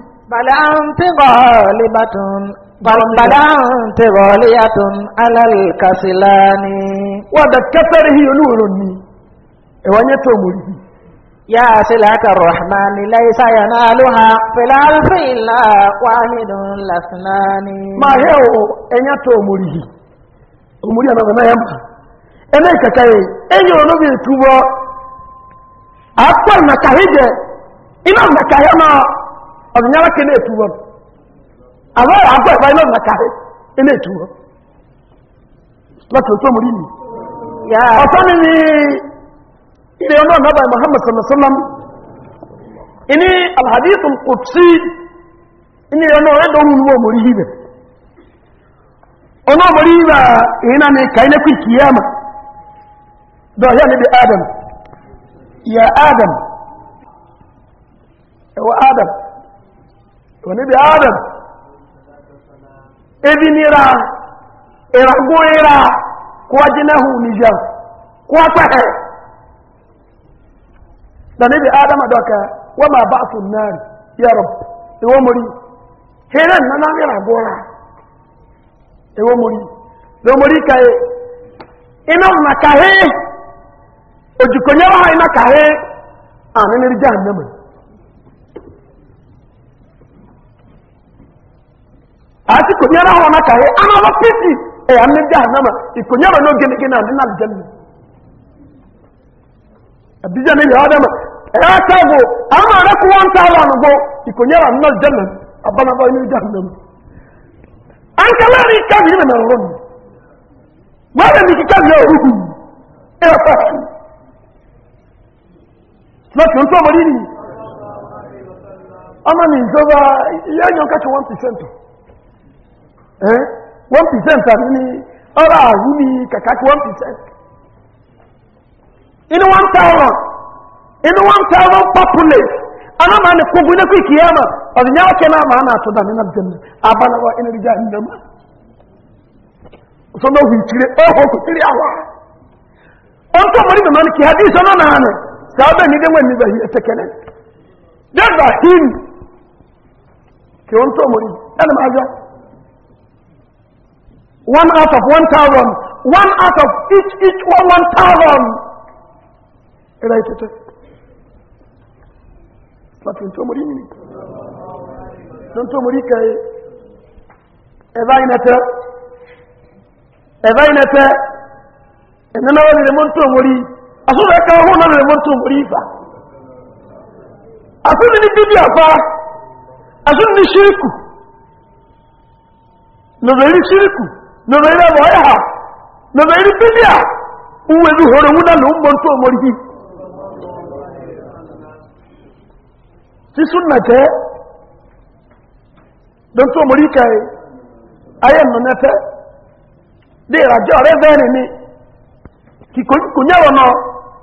bàlá ń tí gọ̀ọ́lì bá tún bàlá ń tí gọ̀ọ́lì yá tún alálìkàsílá ni. wọ́n da kẹsẹ̀rẹ̀ yìí olúwòrò ni ẹ̀wọ́n yẹ́ tó mọ̀rí. yá sílẹ̀ rahman ilé iṣẹ́ yẹn alóha pẹ̀lú alfẹ́ìlà wàhídùn lásìlá ni. máa yẹ o ẹ̀yẹ́ tó mọ̀rí yìí òmùrí àbàbà náà yẹ mọ̀ ẹ̀mẹ́ ìkẹ̀kẹ́ yìí ẹ̀yẹ́ olóbi ìtúbọ̀ àpọ̀ ìmẹ̀kà yìí jẹ iná ọ̀dùnyára kí ní ètù wọn àwọn ọ̀rọ̀ àgbọ̀ ẹ̀fà iná ìlàkàrí ilé ètù wọn lọ́kàn tó múrí ni muhammad sallallahu ini alhadith al-qudsi ini ọmọ ọ̀rẹ́ dọ̀rùn ní ọmọ orí ibẹ̀ ọmọ ọmọ orí ibẹ̀ ìhìnà ni adam ya adam adam onibi adam ebinira iragoera kwajinahu nija kwatahe da nibi adam doka wama ba'su nar ya rabb ewo mori heran nana mi ragora ewo mori do mori kai ina na kahe ojukonya wa ina kahe anene ri jahannam ati konyara hɔ pisi ame a ikonyara n'o na alijan mi abidjan ne yɛrɛ dama ɛyɛ ata bo ama ne ko wɔn ta wɔn bo ikonyara na alijan na abanaba ne di anam ankala ni kabi ne na ɔrɔ mi ama yɛ nyɔ one percent Eh? one percent àbí ni ọrụ àwú ní kàkàkì one percent inú one thousand inú one thousand ana ma ne kogu ne kuyi kiyama ọdún yà wákẹ́ náà máa náà tó dà na àjẹmọ́ abalawa inú rí jà nínú ma sọdọ̀ hù ìtìrẹ ọ̀họ̀ kò tìrẹ àwà ọ̀n tó mọ̀ ní bẹ̀rẹ̀ ní kí hadith one out of one thousand one out of each each one one thousand ẹ̀rọ ìtẹ́tẹ́ láti tó mọ̀rí nìyí tó tó mọ̀rí kẹ́ ẹ̀bá ìnẹ́tẹ́ ẹ̀bá ìnẹ́tẹ́ ẹ̀nẹ́náwó lè mọ́ tó mọ̀rí asúnlẹ̀ ẹ̀ka na náà lè mọ́ tó mọ̀rí ìfà ni ní bíbí àfá ni shiriku. ṣíríkù lọ́bẹ̀rí ṣíríkù nobere boya ha ndị a uwe bi hore wuna no mbo nto omori ti sunna te don to omori kai ayen no nete de rajo re ni ki kunye ko nyawo no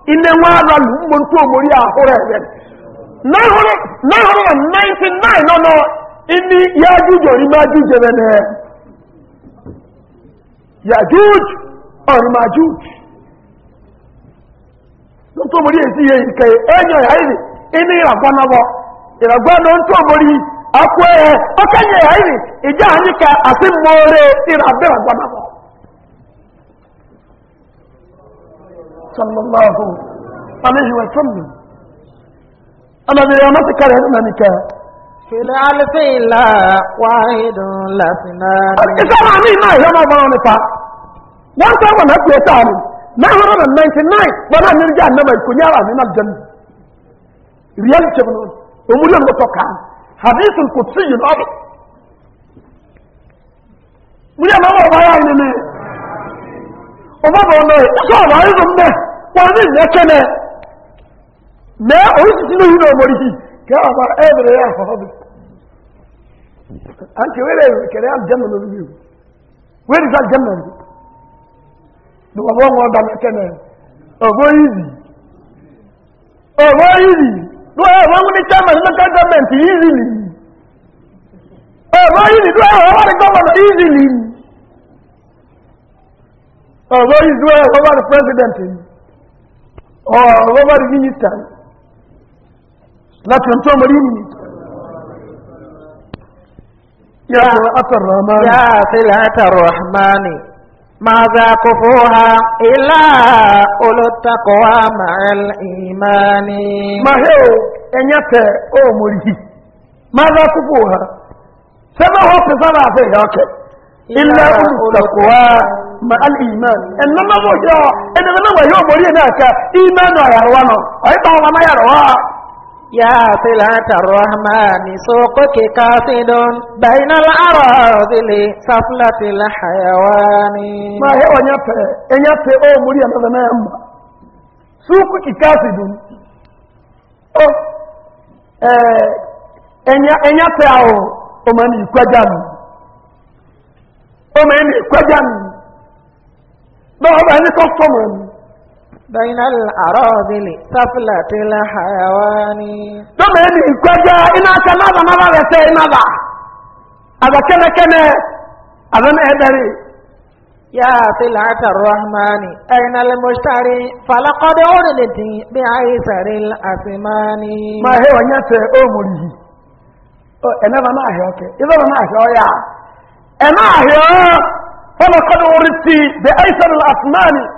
ine wa la lu mbo nto a na na 99 ya ma na yajuj or majuj nítorí mo rí èsì yẹ ìkẹyẹ ẹ̀yàn ìhàìrì inú ìràgbọ́nàwọ́ ìràgbọ́nà ń tó mo rí akó ẹ̀ ọkẹ́yẹ ìhàìrì ìjẹ́ àyíká sallallahu alaihi wa sallam ana bi ya mata kare na nika kìlá alifẹ́ ìlà wáhídùn lásìnà ní. ìṣọ́ra ní iná ìyá ọmọ ọmọ nípa wọ́n sọ wọn láti ẹ̀ta àmì nine hundred and ninety nine wọn náà nílùú jẹ́ ànámọ̀ ìkò ní ara nínú àjẹmí ríẹ́lì tẹ̀mù náà òmùrí ọ̀nà kò yìí lọ́dọ̀. bọ̀ wọ́n ní mẹ́ yìí kẹ́ ọ̀pá yà fọ́fọ́ anti wele kere aljanna no bi wele za aljanna no do wa won da me kene o go easy o go easy do e won ni chairman no government easily o go easy do e won ni government easily o go easy do e won ni president o go ni minister láti ọ̀tọ́ mọ̀rí minister يا صلعة الرحمن يا صلعة الرحمن ماذا كفوها إلا أولو التقوى مع الإيمان ما هو أن أو مريه ماذا كفوها سما هو في صلاة فيه أوكي إلا أولو التقوى مع الإيمان إنما هو إنما هو مريه ناكا إيمان ويروانا روانا أيضا ما يرواه يا صلة الرحمن سوقك كافد بين الأراضل سفلة الحيوان ما هي ونفع ونفع أو مريم هذا ما يما سوقك كافد أو ونفع أو ومن يكوجان ومن يكوجان ما هو بأنك أصمم بين الأراضي لسفلة الحيوان دمني كجا إنا كنا ذا نبا بسي نبا أبا كما كما أبا مهدري يا سلعة الرحمن أين المشتري فلقد أردت بعيسر الأثمان ما هي ونيسة أمره أنا ما هي أوكي إذا ما هي أويا أنا هي فلقد أردت بعيسر الأثمان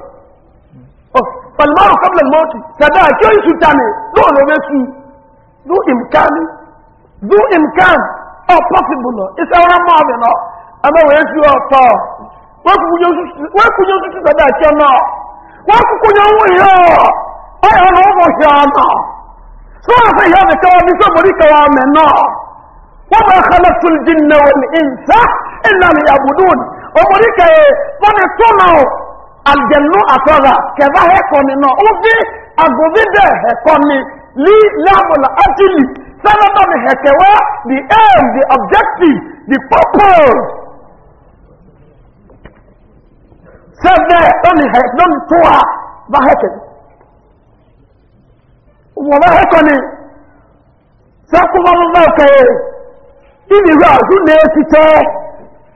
palimaru kabla mọ́tì tàbí àkí oṣù tani ló lọ bẹ su du imkani du imkan ọ pọsibu nọ iṣẹ ọrọ mọ ọbẹ nọ ama wòye su ọtọ wọn kúnyẹ oṣù tàbí àkí ọ nọ wọn kúnyẹ ohun yìí ọ ọ yà ọ lọ ṣe ọ nọ sọlá fẹ yà mí káwọn mi sọmọdé káwọn mẹ nọ wọn bá kálẹ̀ tó dín náà wọn ní ìnsá ìlànà ìyàbùdùn ọmọdé kẹyẹ wọn ni tó náà. aljannu asaba kẹfà hẹkọ ni náà ó fi agbóvidẹ hẹkọ ni lí lámùlà ájìlì sábàbà ni hẹkẹwà di aim di objective the purpose sẹfẹ lónìí hẹ lónìí tó wa bá hẹkẹ wọn bá hẹkọ ni sẹkùnmọ́lọ́lọ́ kẹyẹ ìnira ọdún náà ti tẹ́.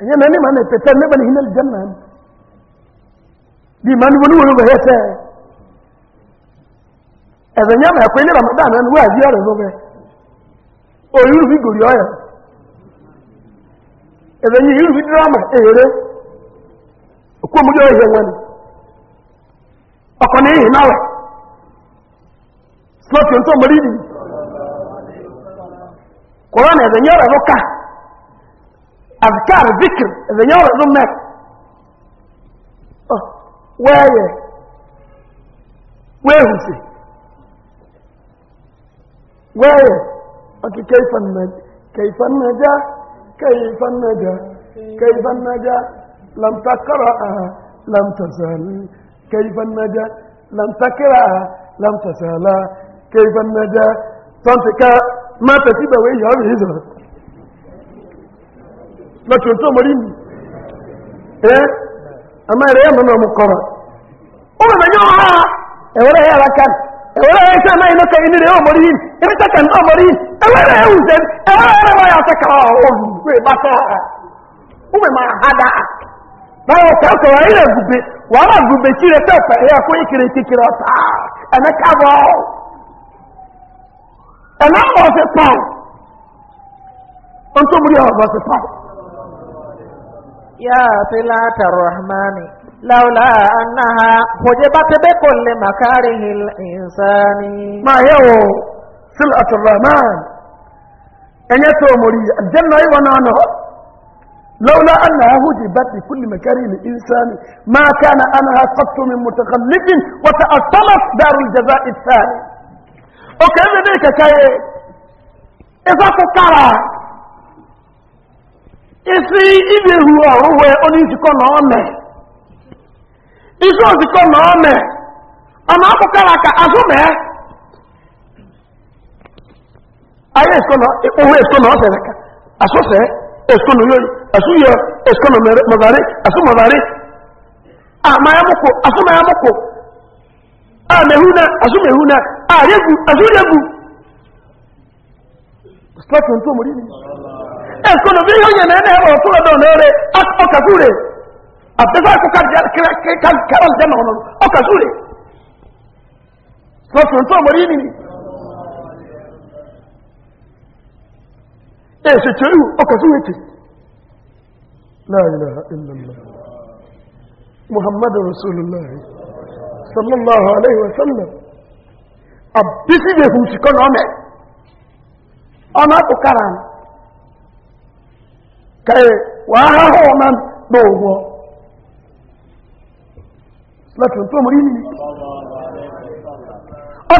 enye na nema na pete nema na hinal janna bi man wonu wonu ba yete e be nyama ko ni ramadan na wa ji oro be o yuru bi gori oya e be ni yuru bi drama e yere mu do ye wani akoni ni nawe slot yon to mari di Quran أذكار ذكر إذا يورع ذمك ويا ويهوسي ويا أوكي كيف النجا كيف النجا كيف النجا كيف النجا لم تقرأها لم تسأل كيف النجا لم تقرأها لم تسأل كيف النجا تنتك ما تتبع وجهه الهجرة lọ́tún tó mọ̀rí mú ẹ́ àmà ẹ̀rẹ́ yẹ́ mọ̀mọ̀ kọ̀rọ̀ ó mọ̀ mẹ́yọ́ ọ̀rá ẹ̀wọ́rẹ́ yẹ́ alákan ẹ̀wọ́rẹ́ yẹ́ sẹ́mà ìlọ́kọ̀ inú rẹ̀ ó mọ̀rí ibi tẹ́kẹ̀ náà mọ̀rí ẹ̀wọ́rẹ́ yẹ́ wùsẹ̀ ẹ̀wọ́rẹ́ يا صلة الرحمن لولا أنها حجبت بكل مكاره الإنسان ما هو صلة الرحمن أن يتومري الجنة ونانه أيوة لولا أنها حجبت بكل مكاره الإنسان ما كان أنها قط من متخلف وتأصلت دار الجزاء الثاني وكذلك كي إذا تكرر esi ibe hu ọhụwe onye nzikọ na ọmị isi nzikọ na ọmị ọ na akwụkwara ka azụ mee na ikpowe esko na ọsere ka asụse esko na yoyi asu esko na mazari asu mazari ama ya mụkwụ asu ma a na na a ẹ̀kọ́nà bí yóò yẹn ẹ̀nà ẹ̀rọ ọ̀tún ọ̀dọ̀ lẹ́rẹ̀ ọkàkúrè àbẹ́fà kó kárọ̀lì jẹ́ mọ̀ọ́nà ọkàkúrè lọ́sùn tó mọ̀rí nìyí. èsì tí ó yù ọkàkúrè tì láàrin ilẹ̀ muhammadu rasulullah sallallahu alaihi wasallam àbísí lè hùsì kọ́nà ọmọ ọmọ àpòkára ni kai wa haho man dogo lakin to muri ni o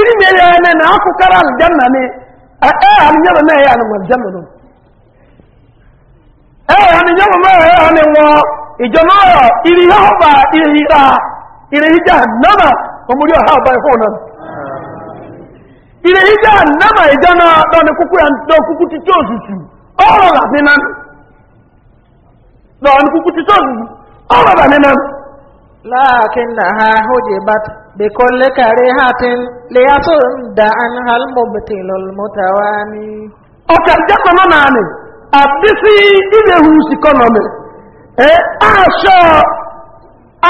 iri me na aku kara aljanna a e ya ne aljanna no e an yaba me ya ne wo ijo no iri ha ba iri ra iri jahannama o ha ba ho na iri ya ha kuku ti to ọ̀rọ̀ làbí náà lọ́wọ́n kúkú ti tó nìyí ọ̀rọ̀ làbí náà. láàkín náà ha hójì bá bí kò lè kárí hàtín lè yá tó ń da an halmọ̀ bìtì lọ́lmọ́ta wá ní. ọ̀kà jẹ́pọ̀ náà náà ni àti sí ilé ìhù sí kọ́nọ̀mì ẹ aṣọ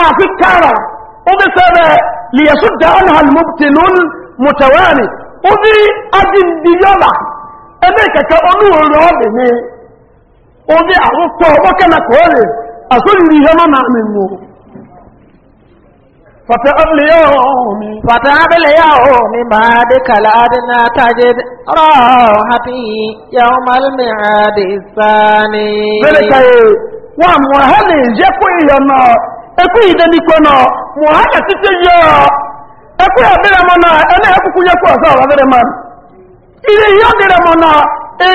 àfi kára ó bí lè yẹ da an halmọ̀ bìtì lọ́lmọ́ta wá ní ó bí adìndíyọ́lá ẹni kẹ̀kẹ́ olúwòrò ọ̀dẹ̀ ni ó dé àwọ́pọ̀ ọkẹ́nà kò rẹ̀ àsóyìnrí ihe náà mi mú fàtẹ́ abẹ́lẹ̀ yà ó mi máa dé kàlà àdínà tàjẹ́ rọ̀ àti yàwó malmẹ̀ àdì sáni. bẹ́lẹ̀ kàyé wà mú ahẹ́lẹ̀ yẹ ile ihe dịrị m na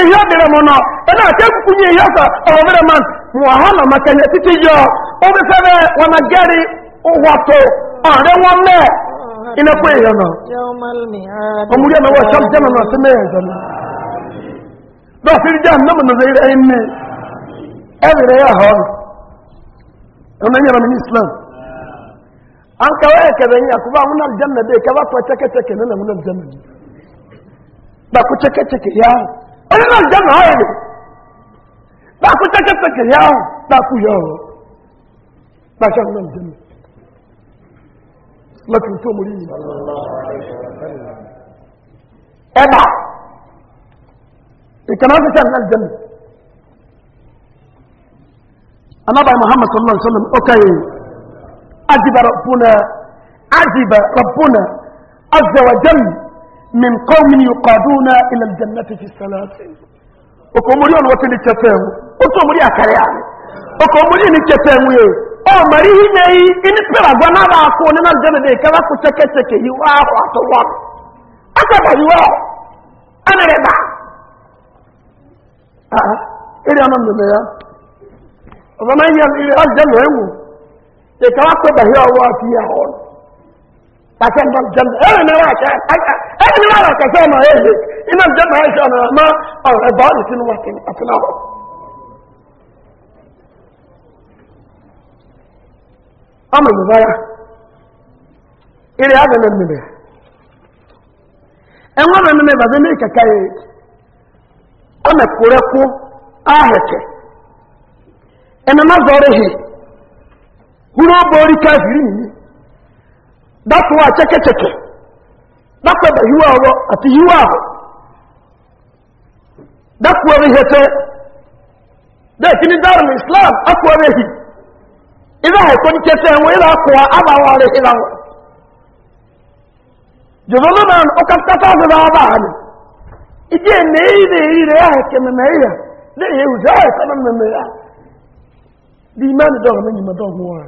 ihe dịrị m nọ ị na-achọ ekwukwunye ihe ọsọ ọmụmere man nwa ha nọ maka ya titi jọ obefere wana gari ụwato ọrịa nwanne inekwa ihe nọ ọmụrị na ya jọlọ dọsịrị jẹ na mụ nọzọ nne ewere ya ha ọrụ ọmụ enyere m n'islam an kawai e kebe yin akuba aljanna kaba bakuteke yao olina njama hayo bakuteke yao bakuyao bakyanna njama lakin to muri eba ikamata kyanna njama anaba muhammad sallallahu alaihi wasallam okay ajiba rabbuna ajiba rabbuna azza wa jalla من قوم يقادون الى الجنه في السلاسل وكمري ان وتني تشفهو وكمري اكاري يعني وكمري ان تشفهو يي او مري ني ان بيرا غنا با كو نما جنه دي كلا كو تشكي تشكي يوا هو اتوا اكا با يوا انا ربا اه ايه انا من ده ومن يل الى الجنه يمو تكوا كو بهيا فيها هون kàkẹ́ mọ̀ jẹ́mọ̀ ẹ̀rìn náà wàkẹ́ ẹ̀rìn náà wàkẹ́ sọ ọmọ ẹ̀rìn iná jẹ́mọ̀ ẹ̀ṣọ́ ọ̀nà ọmọ ọ̀rọ̀ ẹ̀bọ̀ ọ̀rọ̀ sínú wa kìíní àti náà ọmọ mi báyà ìrìn àgbẹ̀mẹ̀ mímẹ̀ ẹ̀wọ̀n mi mímẹ̀ bàbá mi kẹ̀kẹ́ yìí ọmọ ẹ̀kúrẹ́kú ahẹ̀kẹ́ ẹ̀nà má zọrọ̀ hì húrọ́ dákùn wá chẹ́kẹ́chẹ́kẹ́ dákùn híwá ati àti híwá àwọ̀ dákùn orí hẹ́tẹ́ dẹ́ẹ̀kí ní dáàrùn islam ákùn orí hì ilé àìkọ́ ní kẹsẹ̀ ẹ̀wọ̀n ilé àkùn wa àbáwọ̀ rẹ̀ ìlà wọn jùlọ náà ọkà kátà fẹ́ra ọba àmì ìdí ẹ̀mí ilé ìrẹ̀ àìkẹ́ mẹ́mẹ́ ìyà lẹ́yìn ìwùjẹ́ àìkọ́ mẹ́mẹ́ ìyà bí imáni dọ́gba mẹ́yìn mẹ́dọ́gba wọn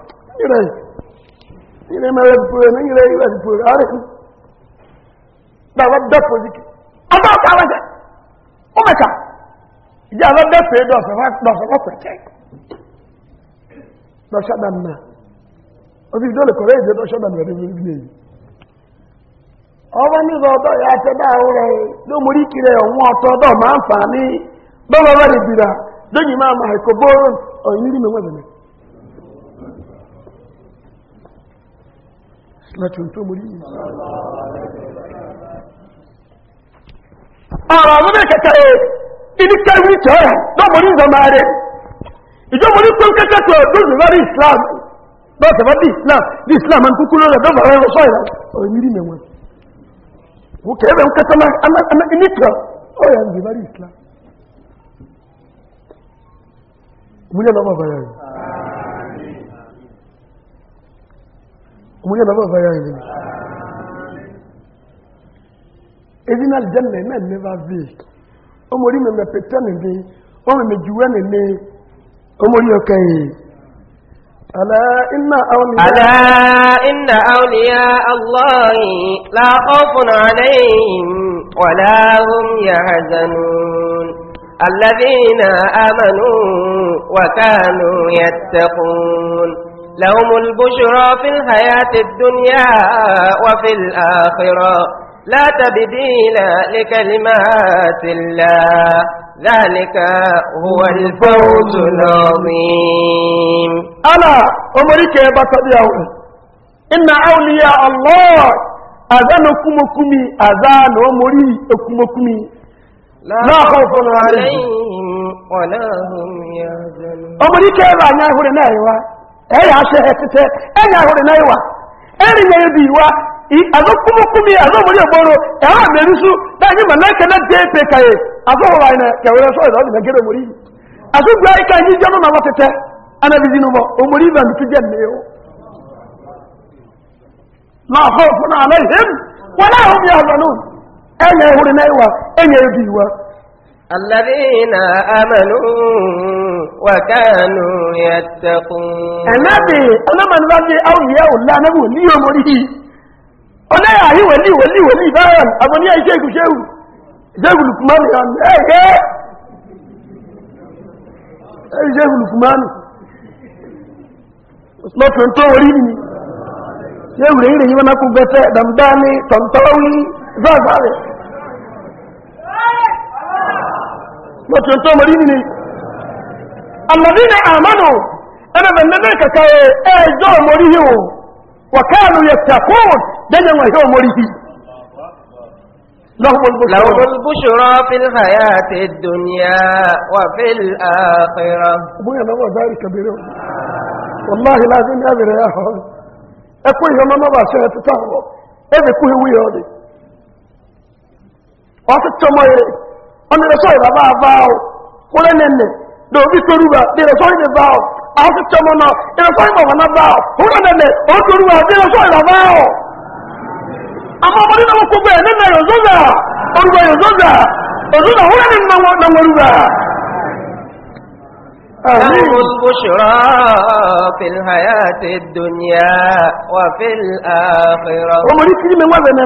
nyere nyere mere pure na nyere iwe pure ari dawa dapo jiki aba ka waje o ya la dapo do so fa do so na o bi do le ko reje do sha dan ọba ní ọdọ ya tẹbá rẹ ló mórí kiri ọdọ máa ń fà ní bìrà lóyìn máa máa lọ́tún tó mú ní ọ̀rọ̀ ọmọ mẹ́ kẹta ẹ̀ ìní kẹwì tẹ́ ọ̀rọ̀ lọ́mọ ní ìzọmọ rẹ̀ ìjọba ní pé kẹ́kẹ́ tó lóṣù lọ́rí islam lọ́sẹ̀ bá di islam di islam ń kúkú lọ́rẹ̀ lọ́mọ rẹ̀ lọ́sọ̀ ìlà ọ̀rọ̀ ìmírí mẹ́wọ̀n wọ́n kẹ́ ẹ̀rẹ̀ ń kẹta máa ní tẹ́ ọ̀rọ̀ ìmírí lọ́rí islam mú ní ọlọ́mọ bàrẹ̀ rẹ̀ kumuye na mafa yayi ni edina aljanna na never be o mori me me petani bi o me juwe ne ne o mori okay ألا إن أولياء ألا إن أولياء الله لا خوف عليهم ولا هم يحزنون الذين آمنوا وكانوا يتقون لهم البشرى في الحياة الدنيا وفي الآخرة لا تبديل لكلمات الله ذلك هو الفوز العظيم أنا أمريكا يبطل يوم إن أولياء الله أذانكم كمي أذان أمري أكمكمي لا خوف عليهم ولا هم يحزنون أمريكا يبطل يوم نعم. ɛyɛ ahyɛ hɛ tetɛ ahore na yiwa ɛne nyɛ bi yiwa azo kumukumi azo mori eboro ɛwɔ mɛri so na anyi ma na de pe ka ye azo wɔ ayi na kɛwɛrɛ so ɛna ɔdi na gɛrɛ mori yi azo gba yi ka yi gyɛn ma wɔ tetɛ ana bi di no omori ba mi ti na wɔn a no na ɛnyɛ bi الذين آمنوا وكانوا يتقون النبي أنا من رضي أولياء الله نبو لي ومره أنا يا هي ولي ولي ولي بان أبني أي شيء شيء شيء لكمان يا أي أي شيء لكمان ما تنتو وريني شيء وريني يبقى نكون بس دمداني تنتوي زازالي lọ́tí tó مريني الذين آمنوا أنا àmánù ẹnàbẹ̀ nẹ́bẹ̀ kẹta ẹjọ́ وكانوا يتقون wàkánù وهو tàkùn dẹ́yẹ̀ wọ̀n لهم البشرى في الحياة الدنيا وفي الآخرة أبويا هو ذلك كبير والله لازم يابر يا حول أكوي هما ما باشا تتعرض أبي كوي ويهودي أتتما يريد ọ̀nà ìrẹsọ́ ìbàbá àbáwò kúrẹ́ nẹ̀nẹ̀ lòbí torúwà ìrẹsọ́ ìbàbáwò àwọn ti tọmọ náà ìrẹsọ́ ìbàbá náà báwò kúrẹ́ nẹ̀nẹ̀ ó torúwà ìrẹsọ́ ìbàbáwò àmọ́ ọmọdé náà gbogbo ẹ̀ nínú ìrọ̀zọ́zà orúkọ ìrọ̀zọ́zà òzúnà wúrẹ́ nínú náwọ̀rúwà البشرى في الحياة الدنيا وفي الآخرة ومريك لي من وزنا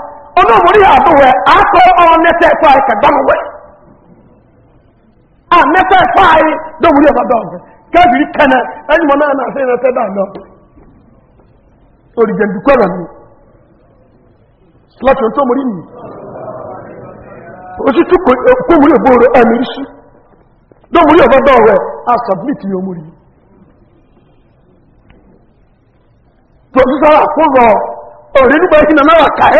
ọmọ òmòrí àbúwẹ akọ ọmọ mẹta ẹfọ ayé kẹgbàmọwẹ a mẹta ẹfọ kene enyi m dọwọ kẹbìrì kẹnẹ ẹni mọ náà nàá sẹyìn ẹfẹ dà lọ orí jẹndu kọlọ ni láti ọtọ mọrí mi oṣù tí kò wúlò bóore ẹmí sí dọwúrí ọba dọwọ a submit yìí ọmọrí tòṣìṣẹ́ àkóso òrìlúgbà ìhìnà náà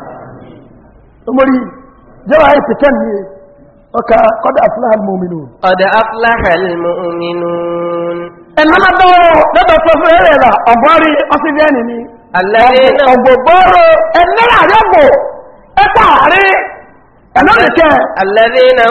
umari jawa ya fitan ne oka qad aflaha almu'minun qad aflaha almu'minun en mana do da da so fere da obori osibe ni ni alladheena ogboro en na yago e taare ẹ̀nà lè kẹ́ alladheena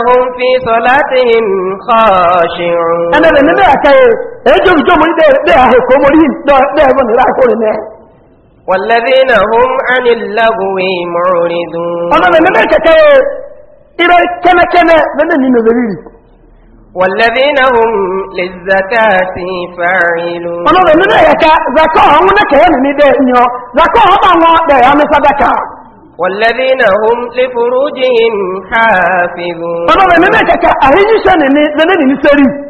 والذين هم عن اللغو معرضون أنا من ما الى كما كما من من ذلك والذين هم للزكاة فاعلون أنا من ما زكاة هم لك يا من دينيو زكاة هم الله ده يا من والذين هم لفروجهم حافظون أنا من ما اهي شنو شنني ذنني سري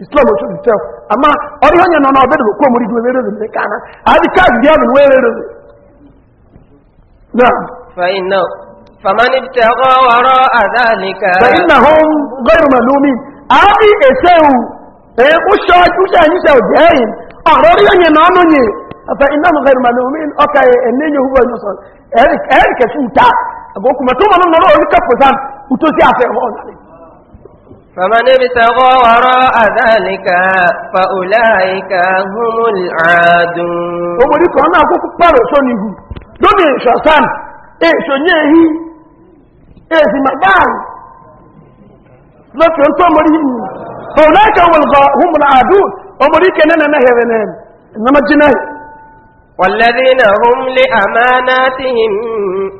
islam o should tell ama ɔdi hɔ nyɛ nɔ na ɔbɛdi ko omuri duwe wɛrɛ zimbe kana adi ka adi diɛ ɔbɛdi wɛrɛ zimbe na. fayina famani tɛgɔ wɔrɔ adalika. fayina hɔ gɔyɔ ma lumi abi esewu ee usɔ usɔ anyisɛ jɛɛyi ɔrɔri hɔ nyɛ nɔ ɔnu nye fayina mu gɔyɔ ma lumi ɔka ye ene nye huwa nye sɔn ɛri ɛri kɛse uta agokuma utosi afɛ فمن ابتغى وراء ذلك فأولئك هم العادون omori kan náà kúkú pààrọ̀ sóni hù lóbi èso sam èso ní èyí èsì màbáàrù lọ́sọ̀ tó omori yìí فأولئك هم العادون omori kẹ́nẹ́ náà hẹ̀rẹ̀ náà nàmà jìnnà والذين هم لأماناتهم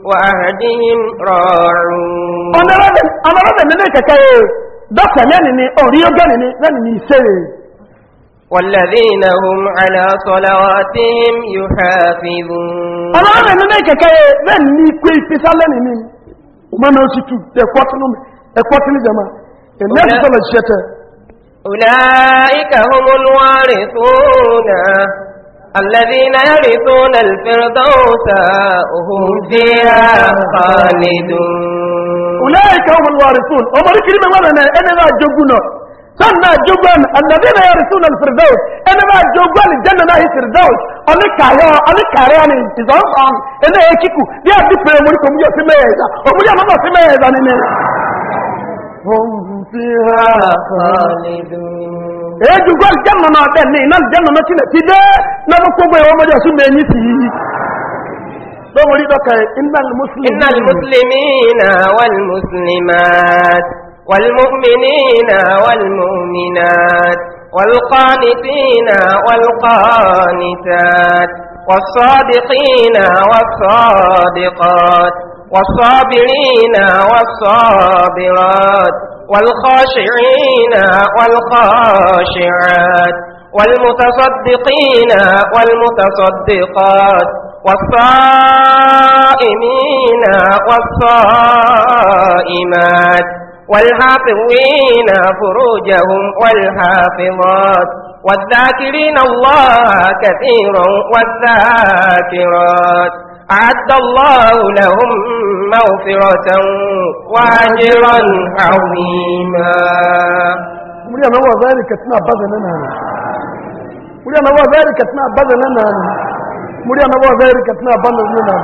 وعهدهم راعون أنا رأى أنا رأى من ذلك كيف dọ́kà lẹ́ni ni orí ọgẹ́ni ni lẹ́ni ni ìṣẹ́rẹ̀ wàlẹ̀dínà hùn aláṣọ́láwàtíhìm yóò hàfihùn ọlọ́rẹ̀ nínú ìkẹ̀kẹ́ lẹ́ni ní pé ìfẹ́sá lẹ́ni ni mọ́nà òṣìtú ẹ̀kọ́tínú jẹma ẹ̀lẹ́sọ́lọ̀ الذين يرثون الفردوس هم فيها خالدون أولئك هم الوارثون عمر كريم ولنا أنا لا جوجنا سنة جوجن الذين يرثون الفردوس أنا لا جوجن الجنة لا هي فردوس يعني آه. أنا كايا أنا كايا أنا انتظام أنا أنا أكيكو يا دكتور كم يا سميزا أمي أنا ما سميزا هم فيها خالدون eju gwa aljanna na den ni na aljanna na tine tide na ba ko boye mo jasu me ni ti do mo ri do kay innal muslimin innal muslimina wal muslimat wal mu'minina wal mu'minat wal qanitina wal qanitat والصادقين والصادقات والصابرين والصابرات والخاشعين والخاشعات والمتصدقين والمتصدقات والصائمين والصائمات والحافظين فروجهم والحافظات والذاكرين الله كثيرا والذاكرات أعد الله لهم مغفرة وأجرا عظيما ولينا هو ذلك اثناء بدننا ولينا هو ذلك اثناء بدننا ولينا هو ذلك اثناء بدننا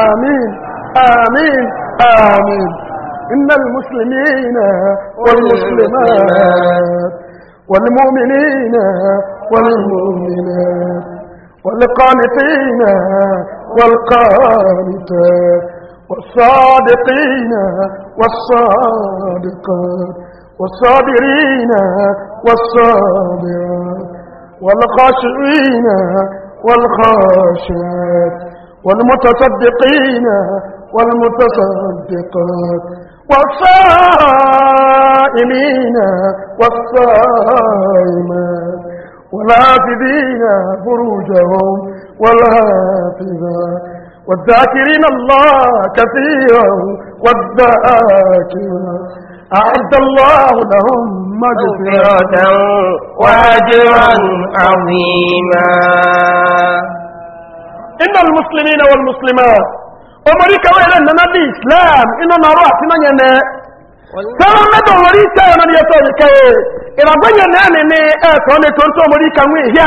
آمين آمين آمين إن المسلمين والمسلمات والمؤمنين والمؤمنات والقانتين والقانتات والصادقين والصادقات والصابرين والصابرات والخاشعين والخاشعات والمتصدقين والمتصدقات والصائمين والصائمات والحافظين فروجهم والحافظات والذاكرين الله كثيرا والذاكرات أعد الله لهم مغفرة وأجرا عظيما إن المسلمين والمسلمات أمريكا وإلى النبي الإسلام إننا رأتنا ينا سلام مدى وريسا من يسألك ìrọ̀gbẹ́yẹ̀ náà ni ní na ní tó ń tó mórí ka wọ́n èyí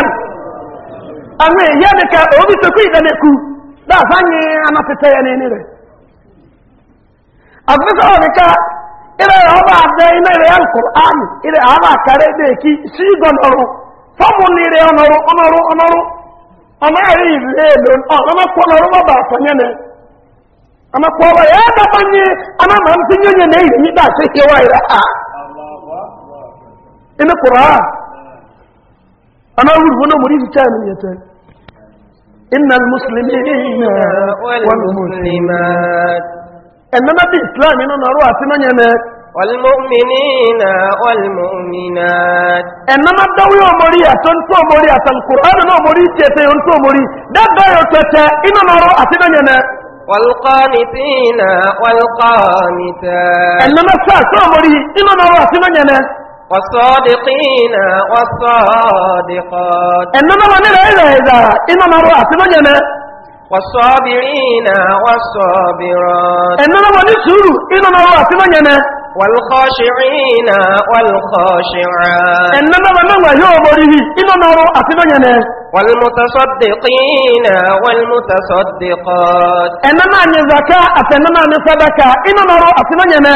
àwọn èyí ẹni ka òbí tó kú na dáàfá ní anapẹtẹ yẹn ní rẹ̀ àfẹ́sọ́ ọ̀rẹ́ ká ilẹ̀ ọba àdẹ iná ilẹ̀ alkùnrin ilẹ̀ àbá àkàrẹ́ dé kí sí gọ̀nọ̀rọ̀ fọ́ọ̀mù ní ilẹ̀ ọ̀nọ̀rọ̀ ọ̀nọ̀rọ̀ ọ̀nọ̀rọ̀ ọmọ ẹ̀rí ìlú èlò ọ̀nàmọ́kọ̀ọ̀nọ̀rọ̀ bàbà ti yẹ́yẹ́ ní èyí aa ina ƙura'a ana wuri wani muri su cani ya ta inna musulmi ina wani musulmat ẹ̀nà islam na ruwa ti manya ne walmuminina walmuminat ẹ̀nà náà dáwí omori náà yóò iná na ruwa ti ya ne والقانتين والقانتات انما والصادقين والصادقات إنما من إذا إذا إنما رأت مجمع والصابرين والصابرات إنما من سورو إنما رأت مجمع والخاشعين والخاشعات إنما من ويوبره إنما رأت مجمع والمتصدقين والمتصدقات إنما من زكاة إنما من صدقة إنما رأت مجمع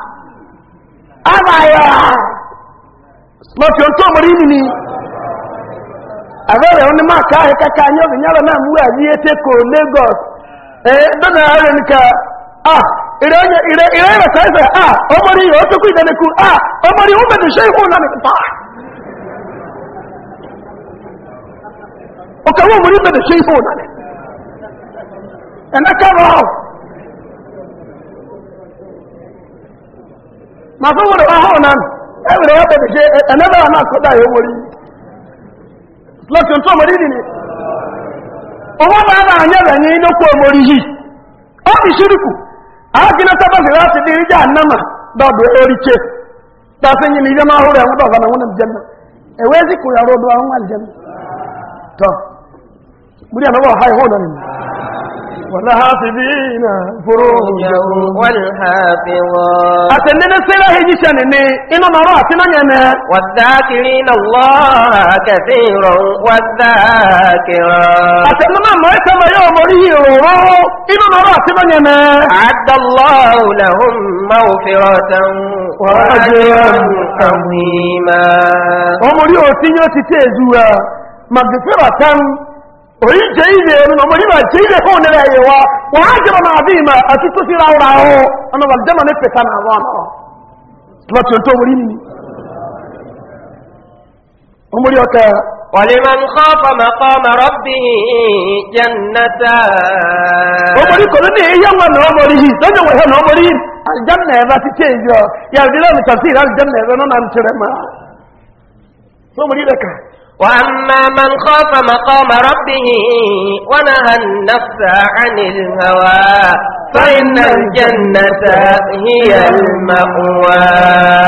abaya smotion to muri ni avere oni ma kaka na mu azi ete ko lagos Ee dona ale nika ah ire ire ire ba sai sai a o muri o to ku ku ah o muri o be de shay na masu wuri ba hau nan e wuri ya e, e, na bawa nasu ya wuri lakin to mari ne ọwọ́ ma ba anya da na ko mori yi o ni shirku a haka na tabbas za su diri ji annama da da ori ce ta sun yi zama hura mu da zama e yaro to na ba nan والحافظين فروجهم والحافظات أتنين السلاح جشنني إن مراتنا نجمع والذاكرين الله كثيرا والذاكرات أتنين ما يتم يوم ريو إن مراتنا نجمع عد الله لهم مغفرة وأجرا عظيما ومريو تنيو تتزوى مغفرة oyi jẹ ibe ẹnu na mọ̀rí máa jẹ ibe fún òní rẹ̀ yẹwa wọ́n á jẹ́ máa bí ìmọ̀ àti tó sí ráúra ọ́ ọ̀nà wà jẹ́ máa ní pẹ̀ta náà wọ́n náà lọ́tí tó mọ̀rí nìyí ọmọrí ọkẹ ولمن خاف مقام ربه جنتان ọmọrí kò ní iye wọn náà ọmọrí yìí lọ́jọ́ wọ̀ ẹ̀ náà ọmọrí aljanna ẹ̀ bá ti ṣe ìjọ yàrá ìdílé mi tàbí aljanna ẹ̀ bá náà ń tẹ̀rẹ̀ máa tó mọ̀rí rẹ̀ kà وأما من خاف مقام ربه ونهى النفس عن الهوى فإن الجنة هي المأوى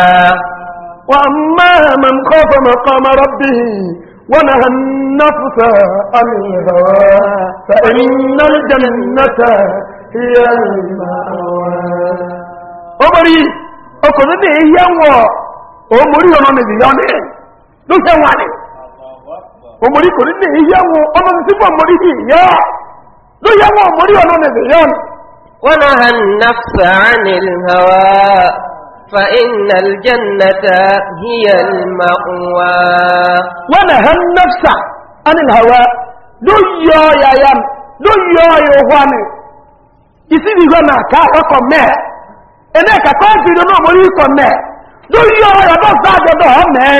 وأما من خاف مقام ربه ونهى النفس عن الهوى فإن الجنة هي المأوى أمري أكون لي يوم أمري أنا نبي يعني لو omori kò ní ní ìyáwó ọmọ tuntun bọ̀ mọ́rí yìí yá ló yáwó omori ọ̀nà ní ìyá ni. wọ́n náà hàn nàfṣà ní ìhàwá fa iná jẹ́nàta hiyà màwá. wọ́n náà hàn nàfṣà ní ìhàwá ló yọ yàyà ló yọ ìhùwà mi ìsìnkú ìgbà náà ká ọkọ̀ mẹ́ ẹ̀ ẹ̀ náà kàkọ́ ìfìdí náà mọ́rí ìkọ̀ mẹ́ ló yọ ọ̀rọ̀ náà sáà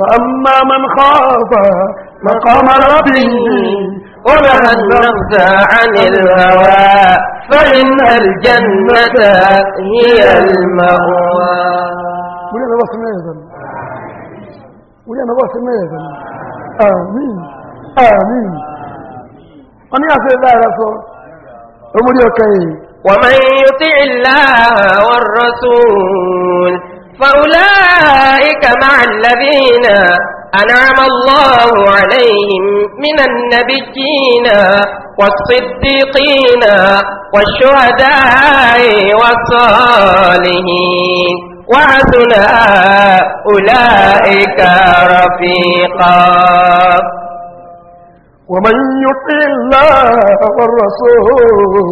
وأما من خاف مقام ربه ونهى النفس عن الهوى فإن الجنة هي المأوى ولينا بس ما يزن ولينا بس ما يزن آمين آمين أنا أسأل الله رسول أمري وكي ومن يطع الله والرسول فأولئك مع الذين أنعم الله عليهم من النبيين والصديقين والشهداء والصالحين وعدنا أولئك رفيقا ومن يطع الله والرسول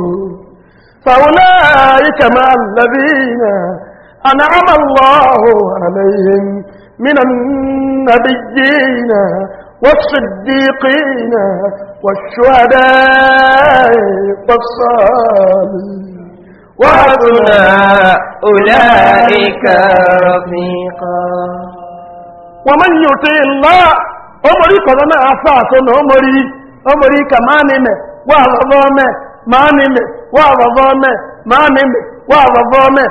فأولئك مع الذين أنعم الله عليهم من النبيين والصديقين والشهداء والصالحين وحسن أولئك رفيقا ومن يطع الله أمري كذا أفاس أمري أمري كمان وعظامه ما نمي وعظامه ما نمي وعظامه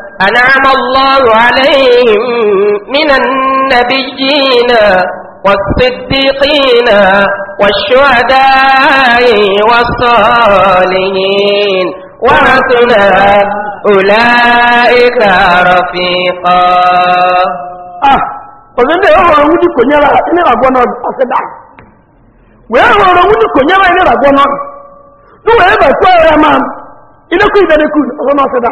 أنعم الله عليهم من النبيين والصديقين والشهداء والصالحين ورسنا أولئك رفيقا ah, ọ̀sẹ̀dẹ̀ ọ̀rọ̀ wúdí kò nyẹ́ra ẹnìràgbọ́ náà ọ̀sẹ̀dá wẹ́ẹ́ ọ̀rọ̀ wúdí kò nyẹ́ra ẹnìràgbọ́ náà ló wẹ́ẹ́ bẹ̀ kọ́ ẹ̀rẹ́ máa ilé kú ọ̀sẹ̀dá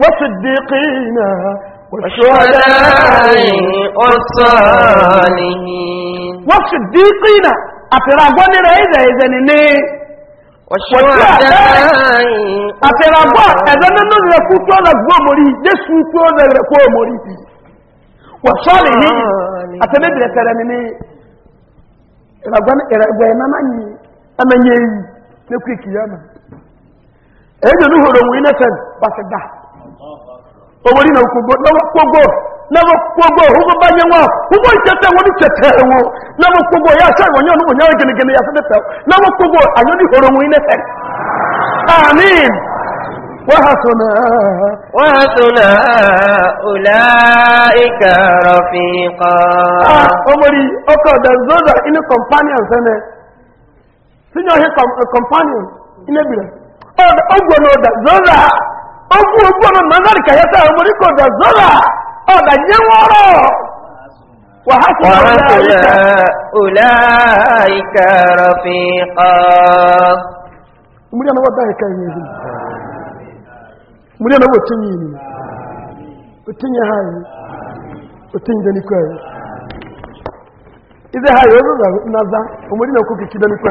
والصديقين والشهداء والصالحين والصديقين أفراغون رئيزة إذنني والشهداء أفراغون إذن نزل كوتونا قومري جسو كوتونا قومري والصالحين أتنبري ترمني إراغون إراغون أماني أماني نكوي كياما أجل نهر وينة بس ده owori na ukugbo n'akwụkwọ n'akwụkwọ hụgụ banye nwa ụgbọ ichete nwere ichete na ya achọ ịwanye ọnụ ụnyaahụ gịnị gịnị ya sịdị pẹl n'akwụkwọ anyị ndị hụrụ nwunye pẹl amin وحسنا وحسنا أولئك رفيقا أمري أكو دزوزا إني كومبانيون سنة ogun ogun ọmọ mọ́sálì kẹyẹta ọmọdé kò dọ̀ zọ́là ọ̀dà yẹ wọ́rọ̀ wàhásùlá ọ̀lá ìkẹrọ fi ọ́ múrí ọmọ bá ẹ̀kẹ́ yìí rí múrí ọmọ òtún yìí rí òtún yẹ ha yìí òtún ha yìí rúrà náza ọmọdé náà kó kìkì dẹnikọ́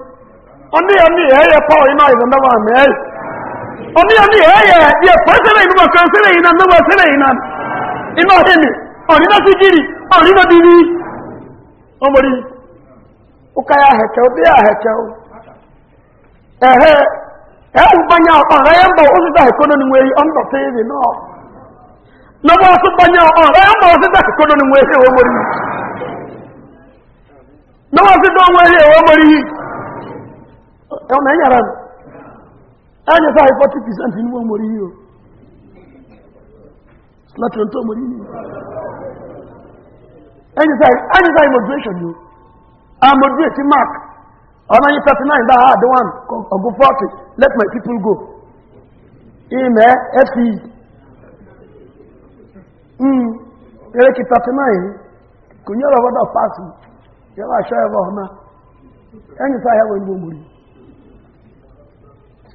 ɔne eh, eh. eh, yɛ ne yɛyɛ pa ɔyɛ no ayɛdɛ ndaba amɛɛ ɔne yɛ ne yɛyɛ deɛ pɛ yi noma kan na yi na ina ɔhe ne ɔne na sigiri gyiri na bibi ɔmɔri woka yɛ ahɛkyɛw bi yɛ ahɛkyɛw ɛhɛ ɛwo banya ɔnra yɛ mbɔ wosesa hɛkɔ no ne mu eyi ɔndɔ tee na wɔn so banya mbɔ ɔmɔri na wɔn ẹ̀wọ̀n náà yàrá mi ẹ̀yẹ sáà forty percent ní mọ̀rí yìí o tó mọ̀rí yìí ẹ̀yẹ in moderation yìí o i'm moderate mark ọ̀nà yìí 39 nine hard one ọ̀gù 40. let my people go Ime ẹ̀fì ẹ̀rẹ́kì e. hmm. thirty 39. kò ní ọ̀rọ̀ wọ́dọ̀ pass yẹ́wọ́ àṣọ ẹ̀wọ̀ ọ̀nà ẹ̀yẹ sáà yẹ́wọ̀ ìgbò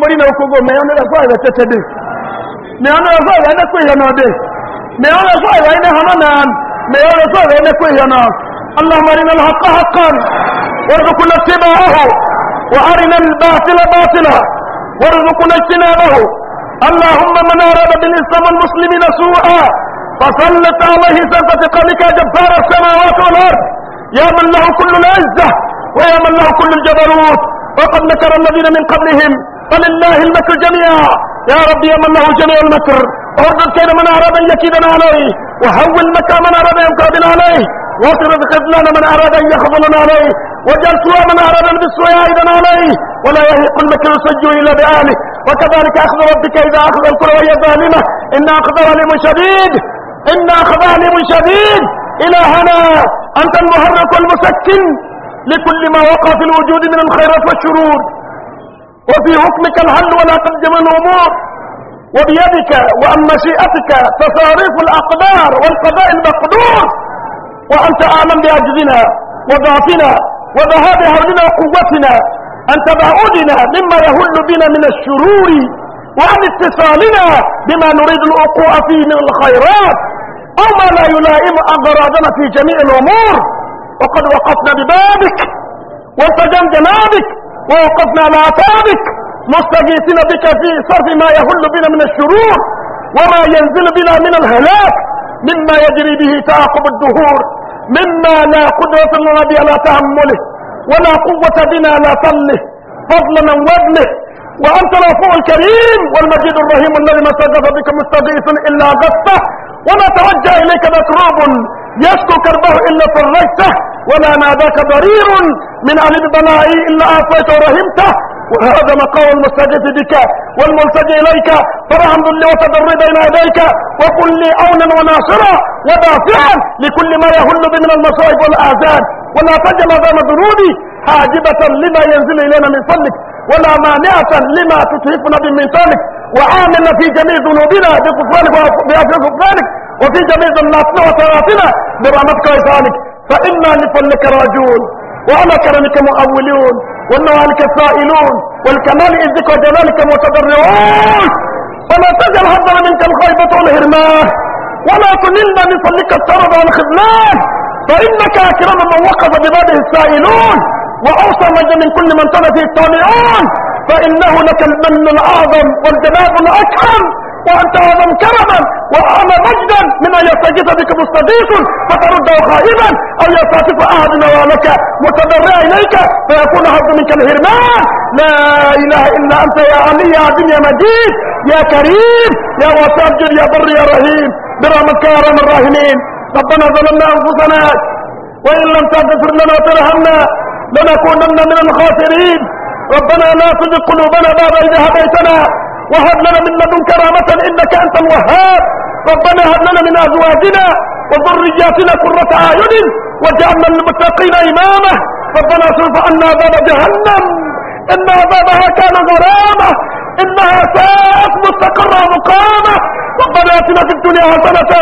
muri na ukugoma yone na kwa batete de me yone kwa yone kwa yone de me yone kwa yone hamana me yone kwa yone kwa yone اللهم ارنا الحق حقا وارزقنا اتباعه وارنا الباطل باطلا وارزقنا اجتنابه اللهم من اراد بالاسلام والمسلمين سوءا فسلط عليه سلطه قلبك جبار السماوات والارض يا من له كل العزه ويا من له كل الجبروت وقد مكر الذين من قبلهم فلله المكر جميعا يا رب يا من له جميع المكر اردد كيد من اراد ان يكيدنا عليه وهول مكر من اراد ان يقابلنا عليه واطرد خذلان من اراد ان يخذلنا عليه واجعل سوى من اراد ان بالسوء ايضا عليه ولا يهيق المكر السجو الا باهله وكذلك اخذ ربك اذا اخذ القرى وهي ظالمه ان اخذ ظالم شديد ان اخذ ظالم شديد الهنا انت المحرك والمسكن لكل ما وقع في الوجود من الخيرات والشرور وفي حكمك الحل ولا تنجم الأمور وبيدك وعن مشيئتك تصاريف الأقدار والقضاء المقدور وأنت أعلم بأجزنا وضعفنا وذهاب هولنا وقوتنا أن تباعدنا مما يهل بنا من الشرور وعن اتصالنا بما نريد الوقوع فيه من الخيرات أو ما لا يلائم أغراضنا في جميع الأمور وقد وقفنا ببابك وانت جنابك ووقفنا على اعصابك مستغيثين بك في صرف ما يهل بنا من الشرور وما ينزل بنا من الهلاك مما يجري به تعاقب الدهور مما لا قدرة لنا به على تحمله ولا قوة بنا على طله فضلا وابنه وأنت العفو الكريم والمجيد الرحيم الذي ما استجاب بك مستغيث إلا غثه وما توجه إليك مكروب يشكو كربه إلا فرجته وما ناداك ضرير من أهل البلاء إلا أعطيته ورحمته وهذا مقام المستجد بك والملتجئ إليك فرحم لي وتضر بين يديك وكن لي اونا وناصرا ودافعا لكل ما يهل بي من المصائب والآذان ولا تجعل أذان ذنوبي حاجبة لما ينزل إلينا من فضلك ولا مانعة لما تتهفنا من فضلك وعاملنا في جميع ذنوبنا بكفرانك وبأجل كفرانك وفي جميع ذنوبنا وتراتنا برحمتك وإحسانك فإنا لفلك راجون وعلى كرمك مؤولون والنوالك سائلون والكمال إذك وجلالك متضرعون فلا تجعل هدر منك الغيبة والهرمان ولا تنلنا من فضلك الترب والخذلان فإنك أكرم من وقف ببابه السائلون وأوصى مجد من كل من تنفي فيه الطامعون فإنه لك المن الأعظم والجلال الأكرم وأنت أعظم كرما واعظم مجدا من أن يستجيب بك مستضيف فترده خائبا أو يستعطف أحد نوالك متضرع إليك فيكون عبد منك الهرمان لا إله إلا أنت يا علي يا عظيم يا مجيد يا كريم يا واسع يا بر يا رحيم برحمتك يا أرحم الراحمين ربنا ظلمنا أنفسنا وإن لم تغفر لنا وترحمنا لنكونن من الخاسرين ربنا لا تزغ قلوبنا بعد اذا هديتنا وهب لنا من لدنك كرامة إنك أنت الوهاب ربنا هب لنا من أزواجنا وذرياتنا قرة أعين واجعلنا للمتقين إمامه ربنا اصرف عنا باب جهنم إن بابها كان غرامة إنها ساءت مستقرة مقامة وقد آتنا في الدنيا حسنة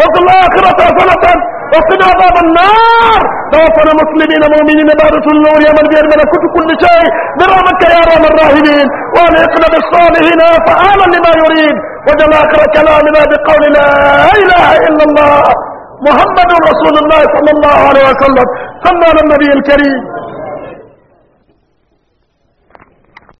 وفي الآخرة حسنة وقنا باب النار توفنا مسلمين مؤمنين رسول النور يا من بيد ملكوت كل شيء برامك يا الراهبين وان والحقنا بالصالحين فعالا لما يريد وجل اخر كلامنا بقول لا اله الا الله محمد رسول الله صلى الله عليه وسلم صلى على النبي الكريم